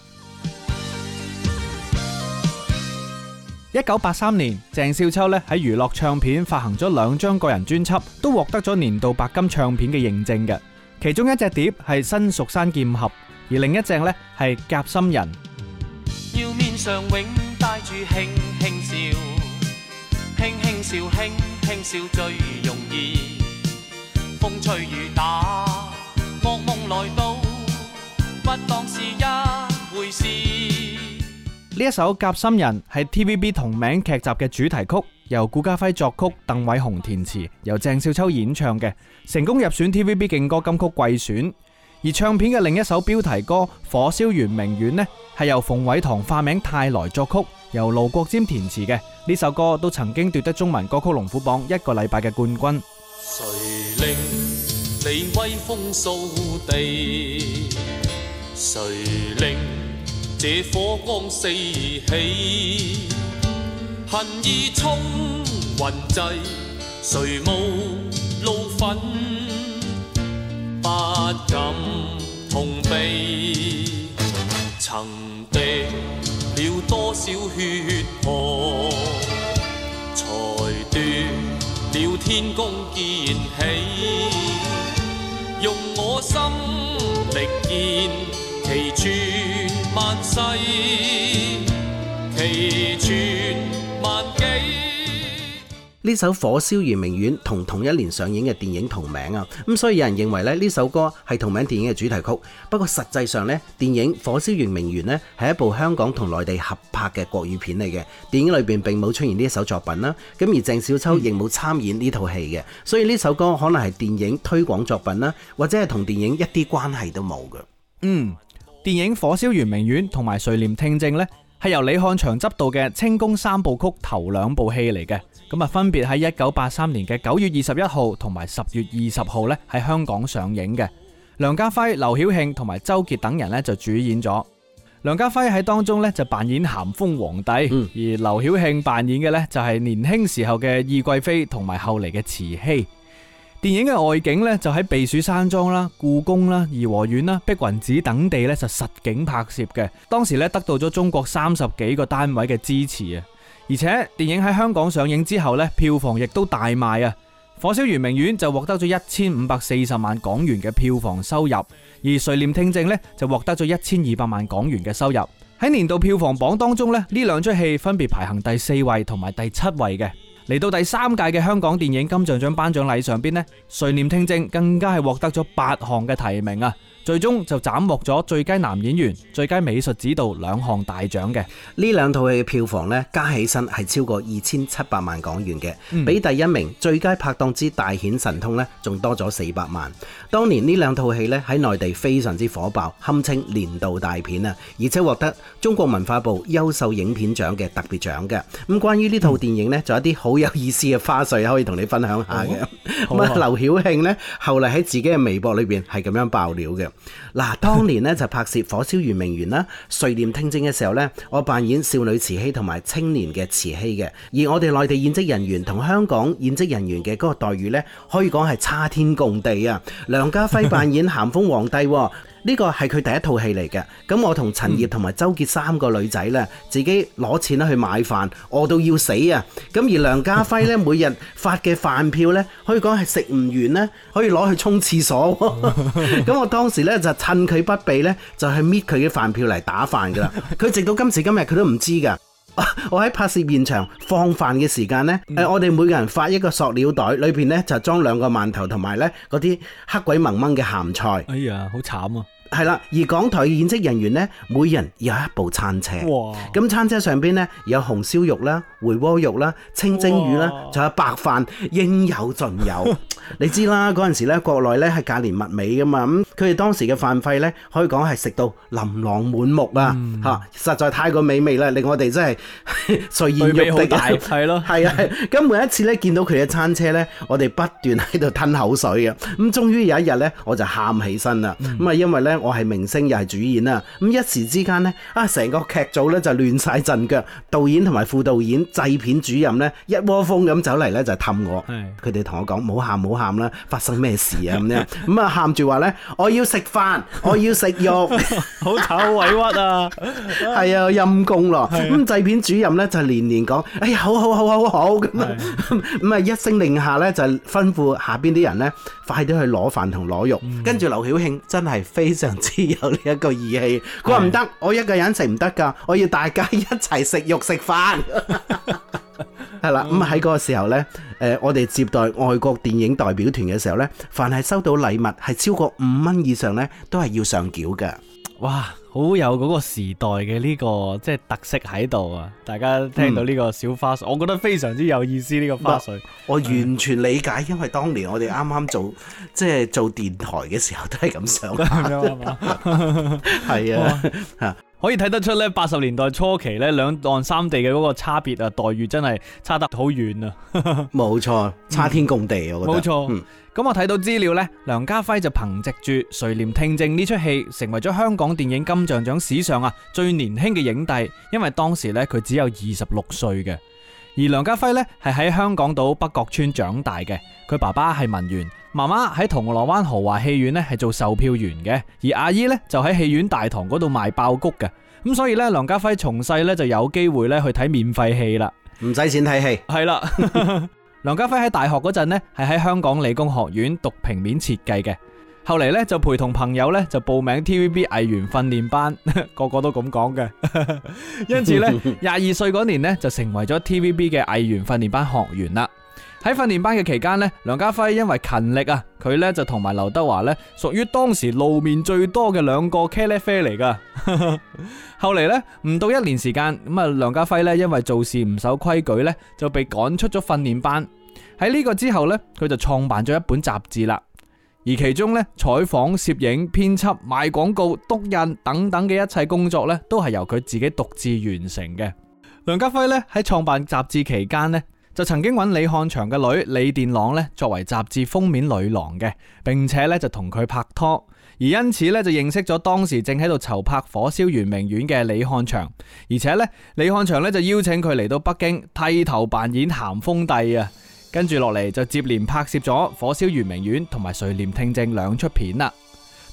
一九八三年，鄭少秋咧喺娛樂唱片發行咗兩張個人專輯，都獲得咗年度白金唱片嘅認證嘅。其中一隻碟係《新蜀山劍俠》，而另一隻呢係《夾心人》。要面上永帶住輕輕笑，輕輕笑，輕輕笑最容易。風吹雨打。來到，不當是一回事。呢一首《夾心人》係 TVB 同名劇集嘅主題曲，由顧嘉輝作曲，鄧偉雄填詞，由鄭少秋演唱嘅，成功入選 TVB 勁歌金曲季選。而唱片嘅另一首標題歌《火燒圓明園》呢，係由馮偉棠化名泰來作曲，由盧國沾填詞嘅，呢首歌都曾經奪得中文歌曲龍虎榜一個禮拜嘅冠軍。你威風掃地，誰令這火光四起？恨意衝雲際，誰無怒憤？不敢痛悲，曾滴了多少血汗，才斷了天公劍氣。用我心力，建，奇傳萬世，奇傳萬紀。呢首《火燒圓明園》同同一年上映嘅電影同名啊，咁所以有人認為咧呢首歌係同名電影嘅主題曲。不過實際上呢，電影《火燒圓明園》呢係一部香港同內地合拍嘅國語片嚟嘅，電影裏邊並冇出現呢一首作品啦。咁而鄭少秋亦冇參演呢套戲嘅，所以呢首歌可能係電影推廣作品啦，或者係同電影一啲關係都冇嘅。嗯，電影《火燒圓明園》同埋《垂簾聽政》呢係由李翰祥執導嘅清宮三部曲頭兩部戲嚟嘅。咁啊，分別喺一九八三年嘅九月二十一號同埋十月二十號咧，喺香港上映嘅。梁家輝、劉曉慶同埋周杰周潔等人咧就主演咗。梁家輝喺當中咧就扮演咸豐皇帝，嗯、而劉曉慶扮演嘅咧就係、是、年輕時候嘅懿貴妃同埋後嚟嘅慈禧。電影嘅外景咧就喺避暑山莊啦、故宮啦、頤和園啦、碧雲寺等地咧就實景拍攝嘅。當時咧得到咗中國三十幾個單位嘅支持啊！而且電影喺香港上映之後咧，票房亦都大賣啊！《火燒圓明園》就獲得咗一千五百四十萬港元嘅票房收入，而《垂簾聽政》呢，就獲得咗一千二百萬港元嘅收入。喺年度票房榜當中呢，呢兩出戲分別排行第四位同埋第七位嘅。嚟到第三屆嘅香港電影金像獎頒獎禮上邊呢，《垂簾聽政》更加係獲得咗八項嘅提名啊！最終就斬獲咗最佳男演員、最佳美術指導兩項大獎嘅。呢兩套戲嘅票房呢，加起身係超過二千七百萬港元嘅，比第一名最佳拍檔之大顯神通呢，仲多咗四百萬。當年呢兩套戲呢，喺內地非常之火爆，堪稱年度大片啊！而且獲得中國文化部優秀影片獎嘅特別獎嘅。咁關於呢套電影咧，仲有一啲好有意思嘅花絮可以同你分享一下嘅、哦。咁啊，劉曉慶呢，後嚟喺自己嘅微博裏邊係咁樣爆料嘅。嗱，當年咧就拍攝《火燒圓明園》啦，《垂簾聽政》嘅時候咧，我扮演少女慈禧同埋青年嘅慈禧嘅。而我哋內地演職人員同香港演職人員嘅嗰個待遇咧，可以講係差天共地啊！梁家輝扮演咸豐皇帝。呢個係佢第一套戲嚟嘅，咁我同陳葉同埋周潔三個女仔呢，自己攞錢去買飯，餓到要死啊！咁而梁家輝呢，每日發嘅飯票呢，可以講係食唔完呢，可以攞去沖廁所。咁 我當時呢，就趁佢不備呢，就去搣佢嘅飯票嚟打飯㗎啦。佢直到今時今日佢都唔知㗎。 我喺拍攝現場放飯嘅時間呢，誒、嗯，我哋每個人發一個塑料袋，裏邊呢就裝兩個饅頭同埋呢嗰啲黑鬼蒙蒙嘅鹹菜。哎呀，好慘啊！係啦，而港台嘅演職人員呢，每人有一部餐車，咁哇餐車上邊呢，有紅燒肉啦、回鍋肉啦、清蒸魚啦，仲哇有白飯，應有盡有。 你知啦，嗰陣時咧，國內咧係價廉物美噶嘛，咁佢哋當時嘅飯費呢，可以講係食到琳琅滿目啊，嚇、嗯！實在太過美味啦，令我哋真係垂涎欲滴。係 咯，啊，咁 對了 每一次呢，見到佢嘅餐車呢，我哋不斷喺度吞口水啊。咁終於有一日、嗯、呢，我就喊起身啦，咁啊，因為咧。我係明星又係主演啦，咁一時之間呢，啊成個劇組咧就亂晒陣腳，導演同埋副導演、製片主任咧一窩蜂咁走嚟咧就氹我，佢哋同我講冇喊冇喊啦，發生咩事啊咁樣，咁啊喊住話咧，我要食飯，我要食肉，好慘，好委屈啊，係 啊，陰公咯，咁製片主任咧就連連講，哎呀，好好好好好咁啊，唔係是 一聲令下咧就吩咐下邊啲人咧快啲去攞飯同攞肉，跟住、嗯、劉曉慶真係非常。知有呢一個義氣，佢話唔得，是的 我一個人食唔得噶，我要大家一齊食肉食飯。係啦，咁喺嗰個時候呢，誒，我哋接待外國電影代表團嘅時候呢，凡係收到禮物係超過五蚊以上呢，都係要上繳噶。哇！好有嗰個時代嘅呢、這個即係特色喺度啊！大家聽到呢個小花絮，嗯、我覺得非常之有意思呢、這個花絮。我完全理解， 因為當年我哋啱啱做即係做電台嘅時候都係咁上架，係啊嚇。 可以睇得出咧，八十年代初期咧，兩岸三地嘅嗰個差別啊，待遇真係差得好遠啊！冇錯，差天共地啊、嗯！冇、嗯、錯，咁我睇到資料呢，梁家輝就憑藉住《垂簾聽政》呢出戲，成為咗香港電影金像獎史上啊最年輕嘅影帝，因為當時咧佢只有二十六歲嘅。而梁家輝咧係喺香港島北角村長大嘅。佢爸爸係文員，媽媽喺銅鑼灣豪華戲院咧係做售票員嘅，而阿姨咧就喺戲院大堂嗰度賣爆谷嘅，咁所以咧梁家輝從細咧就有機會咧去睇免費戲啦，唔使錢睇戲，係啦了。 梁家輝喺大學嗰陣呢係喺香港理工學院讀平面設計嘅，後嚟咧就陪同朋友咧就報名 TVB 藝員訓練班， 個個都咁講嘅，因此咧廿二歲嗰年呢就成為咗 TVB 嘅藝員訓練班學員啦。喺訓練班嘅期間呢，梁家輝因為勤力啊，佢呢就同埋劉德華呢屬於當時露面最多嘅兩個茄喱啡嚟噶。 後嚟呢，唔到一年時間，咁啊，梁家輝呢因為做事唔守規矩呢，就被趕出咗訓練班。喺呢個之後呢，佢就創辦咗一本雜誌啦。而其中呢，採訪、攝影、編輯、賣廣告、督印等等嘅一切工作呢，都係由佢自己獨自完成嘅。梁家輝呢喺創辦雜誌期間呢，就曾經揾李翰祥嘅女李殿朗呢作為雜誌封面女郎嘅，並且呢就同佢拍拖，而因此呢，就認識咗當時正喺度籌拍《火燒圓明園》嘅李翰祥，而且呢，李翰祥呢就邀請佢嚟到北京剃頭扮演咸豐帝啊，跟住落嚟就接連拍攝咗《火燒圓明園》同埋《垂簾聽政》兩出片啦。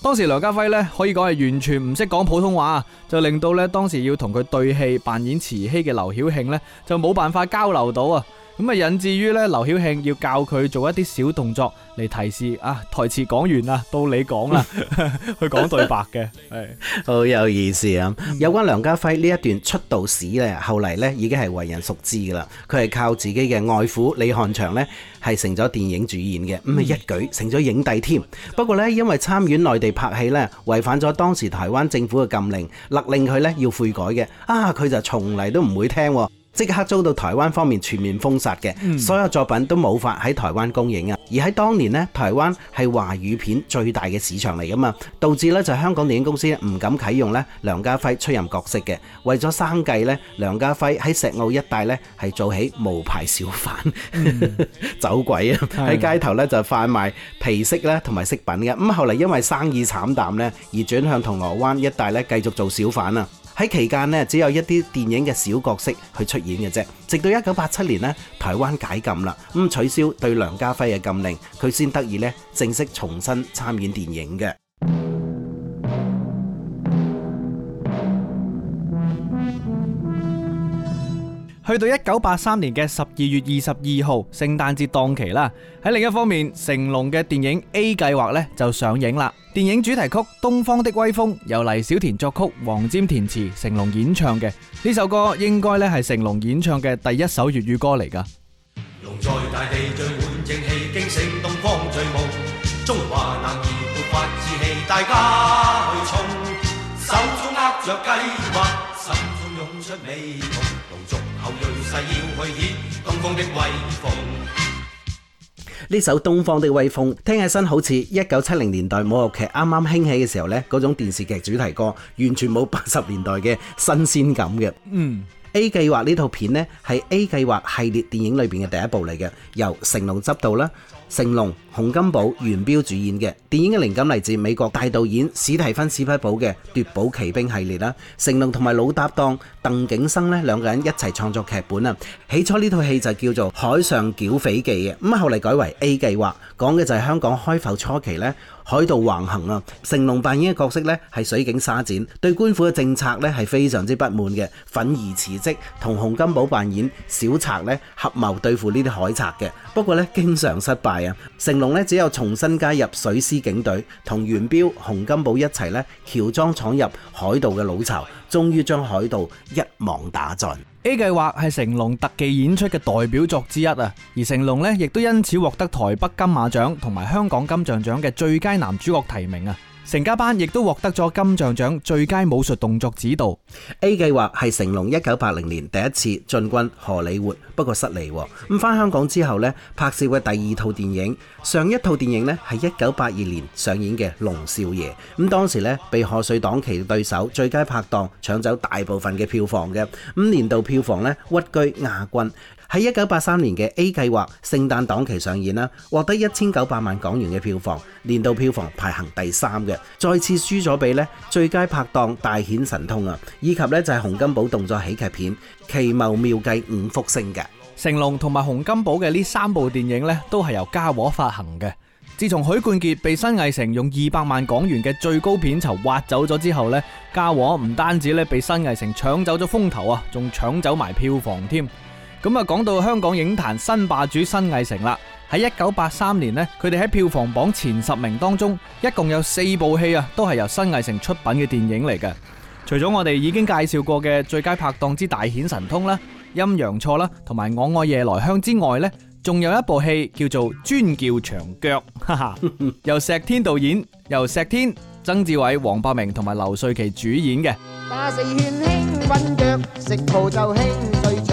當時梁家輝呢，可以講係完全唔識講普通話，就令到呢當時要同佢對戲扮演慈禧嘅劉曉慶呢，就冇辦法交流到啊。咁啊引至於咧，劉曉慶要教佢做一啲小動作嚟提示啊，台詞講完啦，到你講啦， 去講對白嘅，係 好有意思啊！有關梁家輝呢一段出道史咧，後嚟咧已經係為人熟知噶啦。佢係靠自己嘅外父李翰祥呢係成咗電影主演嘅，咁啊一舉成咗影帝添。不過咧，因為參與內地拍戲咧，違反咗當時台灣政府嘅禁令，勒令佢咧要悔改嘅，啊佢就從嚟都唔會聽。即刻遭到台灣方面全面封殺嘅，所有作品都冇法喺台灣公映啊！而喺當年呢，台灣係華語片最大嘅市場嚟噶嘛，導致咧就香港電影公司唔敢啟用咧梁家輝出任角色嘅。為咗生計咧，梁家輝喺石澳一帶咧係做起無牌小販、 走鬼啊！喺街頭咧就販賣皮飾啦同埋飾品嘅。咁後嚟因為生意慘淡咧，而轉向銅鑼灣一帶咧繼續做小販啊！喺期間呢，只有一啲電影嘅小角色去出演嘅啫。直到一九八七年呢，台灣解禁啦，咁取消對梁家輝嘅禁令，佢先得以呢正式重新參演電影嘅。去到一九八三年嘅十二月二十二號，聖誕節檔期啦。喺另一方面，成龍嘅電影 A 計劃咧就上映啦。電影主題曲《東方的威風》由黎小田作曲，黃霑填詞，成龍演唱嘅。呢首歌應該咧係成龍演唱嘅第一首粵語歌嚟噶。呢首《東方的威風》聽起身好似一九七零年代武俠劇啱啱興起嘅時候呢嗰種電視劇主題歌完全冇八十年代嘅新鮮感嘅。嗯，《A 計劃》呢套片呢，係《A 計劃》系列電影裏邊嘅第一部嚟嘅，由成龍執導啦。成龍、洪金寶、元彪主演嘅電影嘅靈感嚟自美國大導演史蒂芬史匹堡嘅《奪寶奇兵》系列啦。成龍同埋老搭檔鄧景生呢兩個人一齊創作劇本啊。起初呢套戲就叫做《海上剿匪記》嘅，咁後嚟改為 A 計劃，講嘅就係香港開埠初期呢，海盜橫行啊！成龍扮演嘅角色咧係水警沙展，對官府嘅政策咧係非常之不滿嘅，憤而辭職，同洪金寶扮演小賊咧合謀對付呢啲海賊嘅。不過咧經常失敗啊！成龍咧只有重新加入水師警隊，同元彪、洪金寶一齊咧喬裝闖入海盜嘅老巢，終於將海盜一網打盡。A 計劃係成龍特技演出嘅代表作之一啊，而成龍呢亦都因此獲得台北金馬獎同埋香港金像獎嘅最佳男主角提名啊。成家班亦都獲得咗金像獎最佳武術動作指導。A 計劃係成龍一九八零年第一次進軍荷里活，不過失利。咁翻香港之後呢，拍攝嘅第二套電影，上一套電影呢係一九八二年上演嘅《龍少爺》。咁當時呢被賀歲檔期對手最佳拍檔搶走大部分嘅票房嘅，咁年度票房咧屈居亞軍。喺一九八三年嘅 A 計劃聖誕檔期上演啦，獲得一千九百萬港元嘅票房，年度票房排行第三嘅，再次輸咗俾呢最佳拍檔大顯神通啊，以及呢，就係洪金寶動作喜劇片奇謀妙計五福星嘅。成龍同埋洪金寶嘅呢三部電影呢，都係由嘉禾發行嘅。自從許冠傑被新藝城用二百萬港元嘅最高片酬挖走咗之後呢，嘉禾唔單止呢被新藝城搶走咗風頭啊，仲搶走埋票房添。咁啊，講到香港影壇新霸主新藝城啦，喺一九八三年呢，佢哋喺票房榜前十名當中，一共有四部戲啊，都係由新藝城出品嘅電影嚟嘅。除咗我哋已經介紹過嘅最佳拍檔之大顯神通啦、陰陽錯啦，同埋我愛夜來香之外呢，仲有一部戲叫做專撬牆腳，哈哈， 由石天導演，由石天、曾志偉、黃百鳴同埋劉瑞琪主演嘅。食就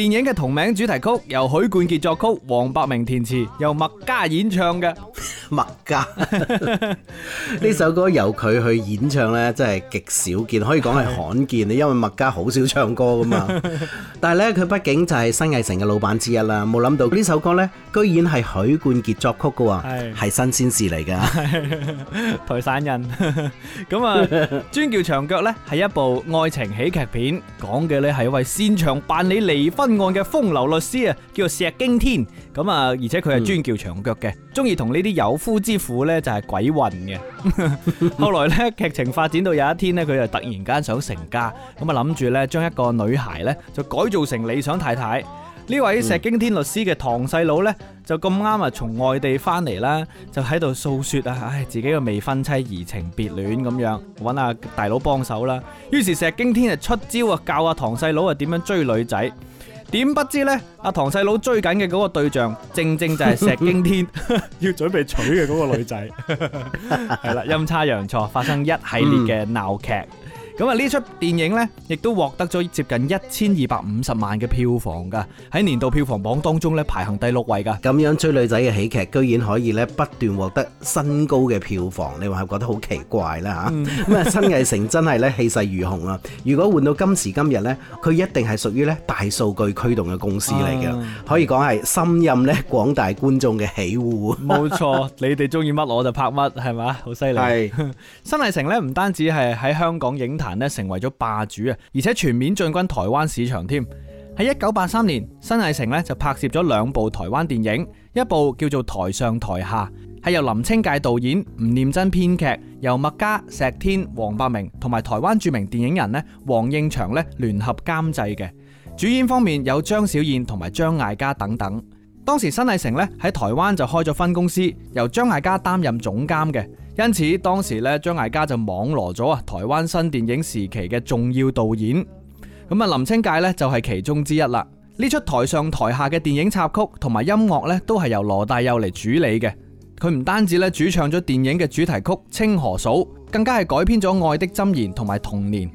電影嘅同名主題曲由許冠傑作曲，黃百鳴填詞，由麥嘉演唱嘅。麥嘉呢 首歌由佢去演唱咧，真係極少見，可以講係罕見。的因為麥嘉好少唱歌噶嘛， 但係咧佢畢竟就係新藝城嘅老闆之一啦，冇諗到呢首歌咧，居然係許冠傑作曲嘅喎，係的新鮮事嚟噶。 台山人咁 啊，專 撬牆腳咧係一部愛情喜劇片，講嘅咧係一位擅長辦理離婚案嘅風流律師啊，叫做石驚天咁啊，而且佢係專叫長腳嘅，中意同呢啲有夫之婦呢，就係鬼混嘅。 後來呢，劇情發展到有一天呢，佢就突然間想成家咁啊，諗住呢，將一個女孩呢，就改造成理想太太呢、嗯、位石驚天律師嘅堂細佬呢，就咁啱啊，從外地翻嚟啦，就喺度訴說啊，唉，自己個未婚妻移情別戀咁樣，揾阿大佬幫手啦。於是石驚天就出招啊，教下堂細佬啊點樣追女仔。點不知呢？阿唐細佬追緊嘅嗰個對象，正正就係石驚天 要準備娶嘅嗰個女仔， 係啦，陰差陽錯發生一系列嘅鬧劇。嗯咁啊！呢出電影咧，亦都獲得咗接近一千二百五十萬嘅票房㗎。喺年度票房榜當中咧，排行第六位㗎。咁樣追女仔嘅喜劇，居然可以咧不斷獲得新高嘅票房，你話係覺得好奇怪啦吓？咁啊，新藝城真係咧氣勢如虹啊！如果換到今時今日咧，佢一定係屬於咧大數據驅動嘅公司嚟嘅，啊、可以講係深任咧廣大觀眾嘅喜惡，冇 錯，你哋中意乜我就拍乜，係嘛？好犀利！是新藝城咧唔單止係喺香港影壇，咧成為咗霸主啊，而且全面進軍台灣市場添。喺一九八三年，新藝城呢就拍攝咗兩部台灣電影，一部叫做《台上台下》，係由林清介導演、吳念真編劇，由麥嘉、石天、黃百鳴同埋台灣著名電影人呢黃應祥呢聯合監製嘅。主演方面有張小燕同埋張艾嘉等等。當時新藝城呢喺台灣就開咗分公司，由張艾嘉擔任總監嘅。因此，當時咧，張艾嘉就網羅咗啊台灣新電影時期嘅重要導演，咁啊林清介咧就係其中之一啦。呢出台上台下嘅電影插曲同埋音樂咧，都係由羅大佑嚟主理嘅。佢唔單止咧主唱咗電影嘅主題曲《清河嫂》，更加係改編咗《愛的箴言》同埋《童年》。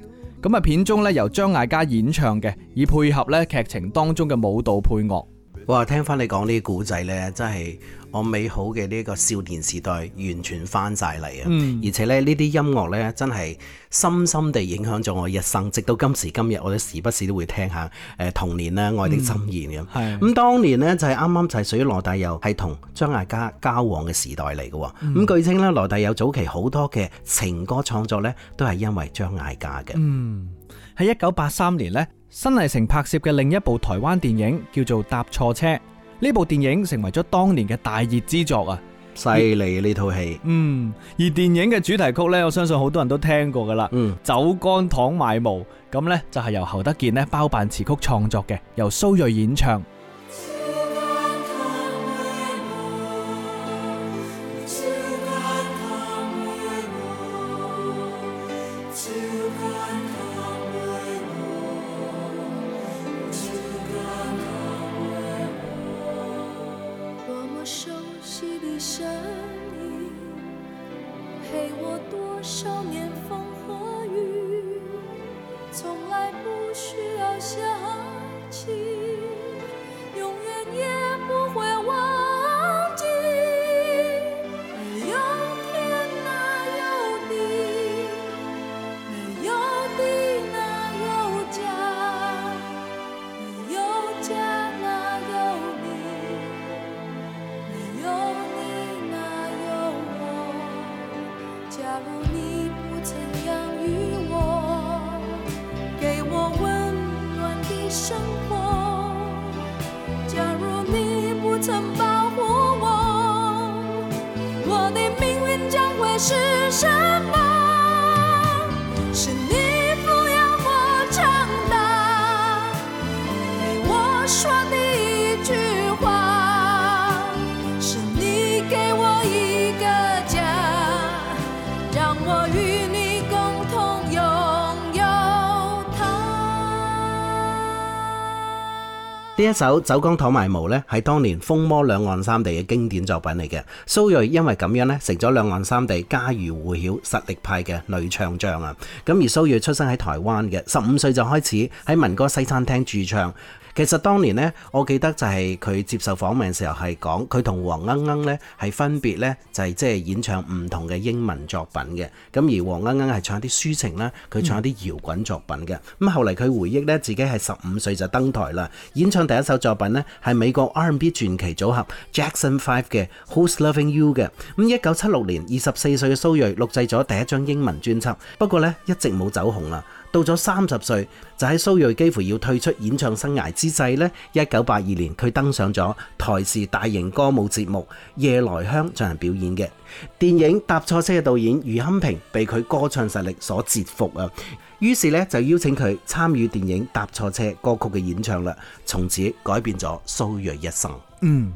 咁啊片中咧由張艾嘉演唱嘅，以配合咧劇情當中嘅舞蹈配樂。哇！聽翻你講呢啲古仔呢，真係～我美好嘅呢個少年時代完全翻晒嚟啊！而且咧呢啲音樂咧真係深深地影響咗我一生，直到今時今日我都時不時都會聽一下誒《童年》啦，《愛的箴言、嗯》咁。係。當年呢，就係啱啱就係屬於羅大佑係同張艾嘉交往嘅時代嚟嘅。咁據稱呢羅大佑早期好多嘅情歌創作呢，都係因為張艾嘉嘅。嗯。喺一九八三年呢，新藝城拍攝嘅另一部台灣電影叫做《搭錯車》。呢部電影成為咗當年嘅大熱之作啊！犀利呢套戲！嗯，而電影嘅主題曲呢，我相信好多人都聽過噶啦。嗯，酒乾倘賣無咁呢，就係、是、由侯德健包辦詞曲創作嘅，由蘇芮演唱。一首《酒干倘賣無》咧，係當年風靡兩岸三地嘅經典作品嚟嘅。蘇芮因為咁樣咧，成咗兩岸三地家喻戶曉實力派嘅女唱將啊！咁而蘇芮出生喺台灣嘅，十五歲就開始喺民歌西餐廳駐唱。其實當年咧，我記得就係佢接受訪問嘅時候係講，佢同黃鶯鶯咧係分別咧就係即係演唱唔同嘅英文作品嘅。咁而黃鶯鶯係唱一啲抒情啦，佢唱一啲搖滾作品嘅。咁後嚟佢回憶咧，自己係十五歲就登台啦，演唱第一首作品咧係美國 R&B 傳奇組合 Jackson Five 嘅《Who’s Loving You》嘅。咁一九七六年，二十四歲嘅蘇芮錄製咗第一張英文專輯，不過咧一直冇走紅啦。到咗三十歲，就喺蘇芮幾乎要退出演唱生涯之際呢，一九八二年佢登上咗台視大型歌舞節目《夜來香》進行表演嘅電影《搭錯車》嘅導演虞戡平被佢歌唱實力所折服啊，於是呢，就邀請佢參與電影《搭錯車》歌曲嘅演唱啦，從此改變咗蘇芮一生。嗯，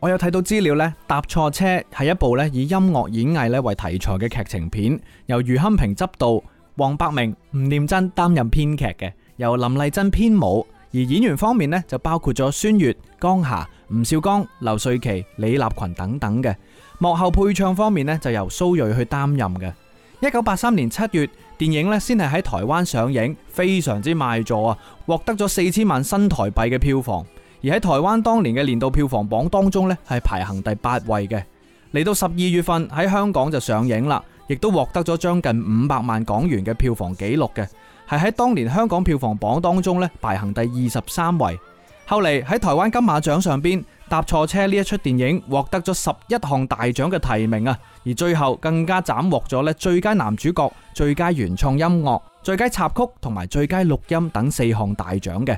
我有睇到資料呢，《搭錯車》係一部咧以音樂演藝咧為題材嘅劇情片，由虞戡平執導。黃百鳴、吳念真擔任編劇嘅，由林麗珍編舞，而演員方面呢就包括咗孫越、江霞、吳少剛、劉瑞琪、李立群等等嘅。幕後配唱方面呢就由蘇芮去擔任嘅。一九八三年七月，電影呢先係喺台灣上映，非常之賣座啊，獲得咗四千萬新台幣嘅票房。而喺台灣當年嘅年度票房榜當中呢係排行第八位嘅。嚟到十二月份喺香港就上映啦。亦都獲得咗將近五百萬港元嘅票房紀錄嘅，係喺當年香港票房榜當中咧排行第二十三位。後嚟喺台灣金馬獎上邊搭錯車呢一出電影，獲得咗十一項大獎嘅提名啊！而最後更加斬獲咗咧最佳男主角、最佳原創音樂、最佳插曲同埋最佳錄音等四項大獎嘅。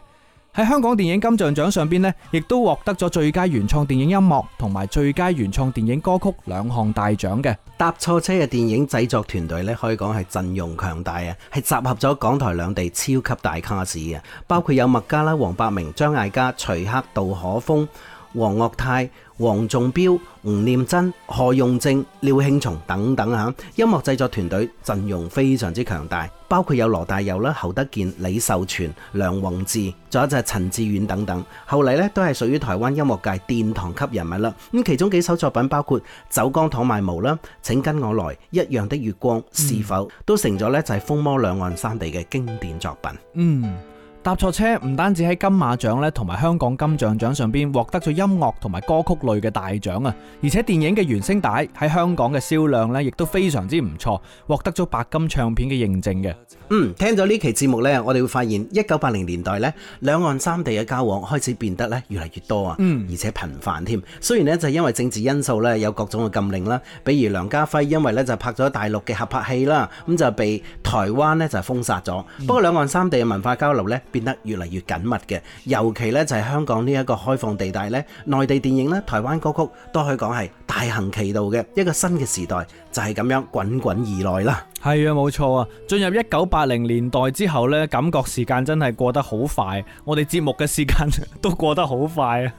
喺香港電影金像獎上邊呢亦都獲得咗最佳原創電影音樂同埋最佳原創電影歌曲兩項大獎嘅。搭錯車嘅電影製作團隊呢可以講係陣容強大啊，係集合咗港台兩地超級大卡士，啊，包括有麥嘉啦、黃百鳴、張艾嘉、徐克、杜可風。黃岳泰、黃仲標、吳念真、何用正、廖慶松等等，音樂製作團隊陣容非常之強大，包括有羅大佑啦、侯德健、李秀全、梁弘志，仲有就係陳志遠等等，後嚟咧都係屬於台灣音樂界殿堂級人物啦。咁其中幾首作品包括《酒干倘賣無》啦，《請跟我來》、《一樣的月光》，是否都成咗咧就係《風魔兩岸三地》嘅經典作品？嗯。搭錯車，唔單止喺金馬獎咧同埋香港金像獎上邊獲得咗音樂同埋歌曲類嘅大獎啊，而且電影嘅原聲帶喺香港嘅銷量咧亦都非常之唔錯，獲得咗白金唱片嘅認證嘅。嗯，聽咗呢期節目咧，我哋會發現一九八零年代咧兩岸三地嘅交往開始變得咧越嚟越多啊，嗯，而且頻繁添。雖然呢就係因為政治因素咧有各種嘅禁令啦，比如梁家輝因為咧就拍咗大陸嘅合拍戲啦，咁就被台灣咧就封殺咗。不過兩岸三地嘅文化交流咧～變得越嚟越緊密嘅，尤其咧就係香港呢一個開放地帶呢，內地電影咧、台灣歌曲都可以講係大行其道嘅，一個新嘅時代就係咁樣滾滾而來啦。係啊，冇錯啊！進入一九八零年代之後呢，感覺時間真係過得好快，我哋節目嘅時間都過得好快啊。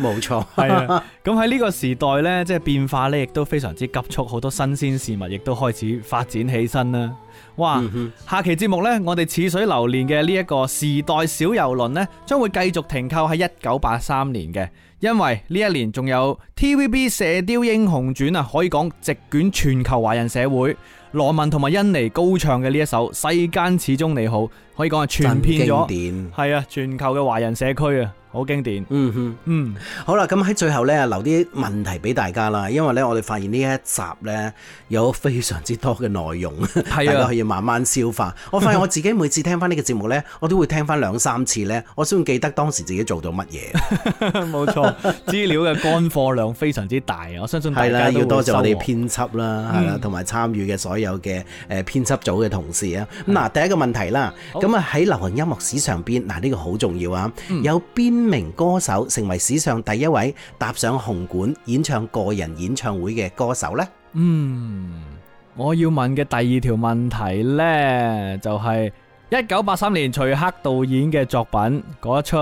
冇錯錯，係啊。 咁喺呢個時代呢，即係變化呢，亦都非常之急速，好多新鮮事物亦都開始發展起身啦。哇！嗯、哼下期節目，呢我哋似水流年嘅呢一個時代小遊輪呢，將會繼續停靠喺一九八三年嘅，因為呢一年仲有 TVB《射雕英雄傳》啊，可以講席捲全球華人社會。羅文同埋甄妮高唱嘅呢一首《世間始終你好》。可以講係全片了經典，係啊，全球嘅華人社區啊，好經典。嗯哼嗯，好啦，咁喺最後呢，留啲問題俾大家啦，因為呢，我哋發現呢一集呢，有非常之多嘅內容，是的大家可以慢慢消化。我發現我自己每次聽翻呢個節目呢， 我都會聽翻兩三次呢，我先記得當時自己做到乜嘢。冇 錯，資料嘅乾貨量非常之大啊！ 我相信大家都會要多謝我哋編輯啦，係啦、嗯，同埋參與嘅所有嘅編輯組嘅同事啊。咁嗱的，第一個問題啦。咁啊，喺流行音樂史上邊，嗱呢個好重要啊！有邊名歌手成為史上第一位踏上紅館演唱個人演唱會嘅歌手咧？嗯，我要問嘅第二條問題咧，就係一九八三年徐克導演嘅作品嗰一出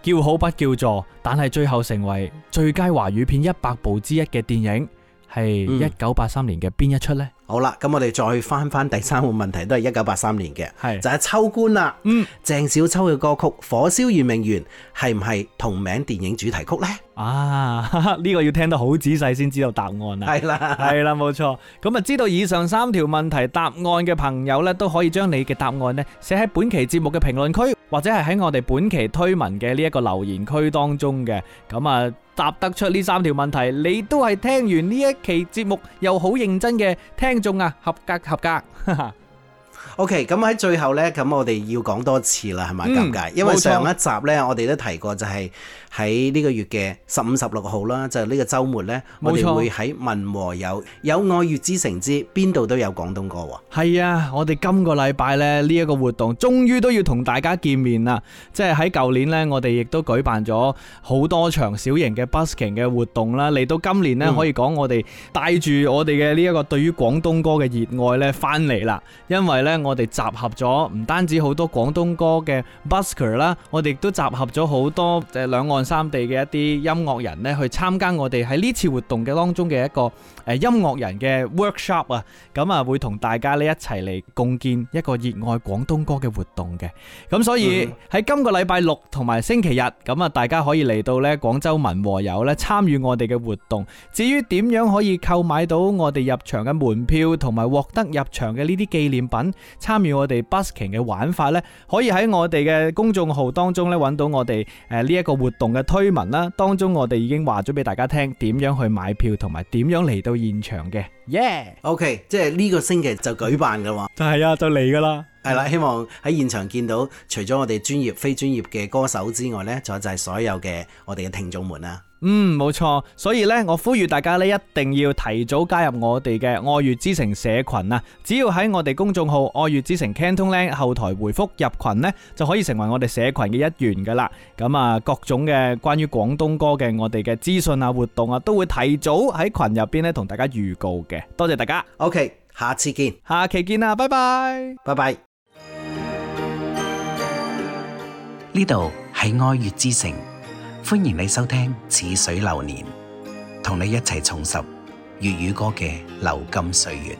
叫好不叫座，但係最後成為最佳華語片一百部之一嘅電影，係一九八三年嘅邊一出咧？好啦，咁我哋再翻翻第三個問題，都係一九八三年嘅，係是就係秋官啦。嗯，鄭少秋嘅歌曲《火燒圓明園》係唔係同名電影主題曲呢？啊，呢、呢個要聽得好仔細先知道答案啊！係啦，係啦，冇錯。咁啊，知道以上三條問題答案嘅朋友呢，都可以將你嘅答案呢寫喺本期節目嘅評論區，或者係喺我哋本期推文嘅呢一個留言區當中嘅。咁啊。答得出呢三條問題，你都係聽完呢一期節目又好認真嘅聽眾啊，合格合格。哈哈 OK，咁喺最後呢，咁我哋要講多次啦，係咪咁解？因為上一集呢，我哋都提過就係、是。喺呢個月嘅十五、十六號啦，就係、是、呢個周末咧，冇錯，我哋會喺文和友有，有愛粵之城之邊度都有廣東歌喎。係啊，我哋今個禮拜咧呢一個活動終於都要同大家見面啦。即係喺舊年咧，我哋亦都舉辦咗好多場小型嘅 busking 嘅活動啦。嚟到今年咧，可以講我哋帶住我哋嘅呢一個對於廣東歌嘅熱愛咧，翻嚟啦。因為咧，我哋集合咗唔單止好多廣東歌嘅 busker 啦，我哋亦都集合咗好多誒兩岸。三地嘅一啲音樂人咧，去參加我哋喺呢次活動嘅當中嘅一個音樂人嘅 workshop 啊，咁啊會同大家呢一齊嚟共建一個熱愛廣東歌嘅活動嘅。咁所以喺今個禮拜六同埋星期日，咁啊大家可以嚟到呢廣州文和友呢參與我哋嘅活動。至於點樣可以購買到我哋入場嘅門票同埋獲得入場嘅呢啲紀念品，參與我哋 busking 嘅玩法呢，可以喺我哋嘅公眾號當中揾到我哋誒呢一個活動嘅推文啦。當中我哋已經話咗俾大家聽點樣去買票同埋點樣嚟到。現場嘅，yeah，OK，okay，即係呢個星期就舉辦噶嘛，就係啊，就嚟噶啦，係啦，希望喺現場見到除咗我哋專業、非專業嘅歌手之外呢，仲有就就係所有嘅我哋嘅聽眾們啊。嗯，冇錯。所以呢，我呼籲大家咧一定要提早加入我哋嘅愛粵之城社群啊！只要喺我哋公眾號愛粵之城 CantonLand 後台回覆入群呢，就可以成為我哋社群嘅一員噶啦。咁啊，各種嘅關於廣東歌嘅我哋嘅資訊啊、活動啊，都會提早喺群入邊呢同大家預告嘅。多謝大家。OK，下次見。下期見啊！拜拜。拜拜。呢度係愛粵之城。歡迎你收聽《似水流年》，同你一齊重拾粵語歌嘅流金歲月。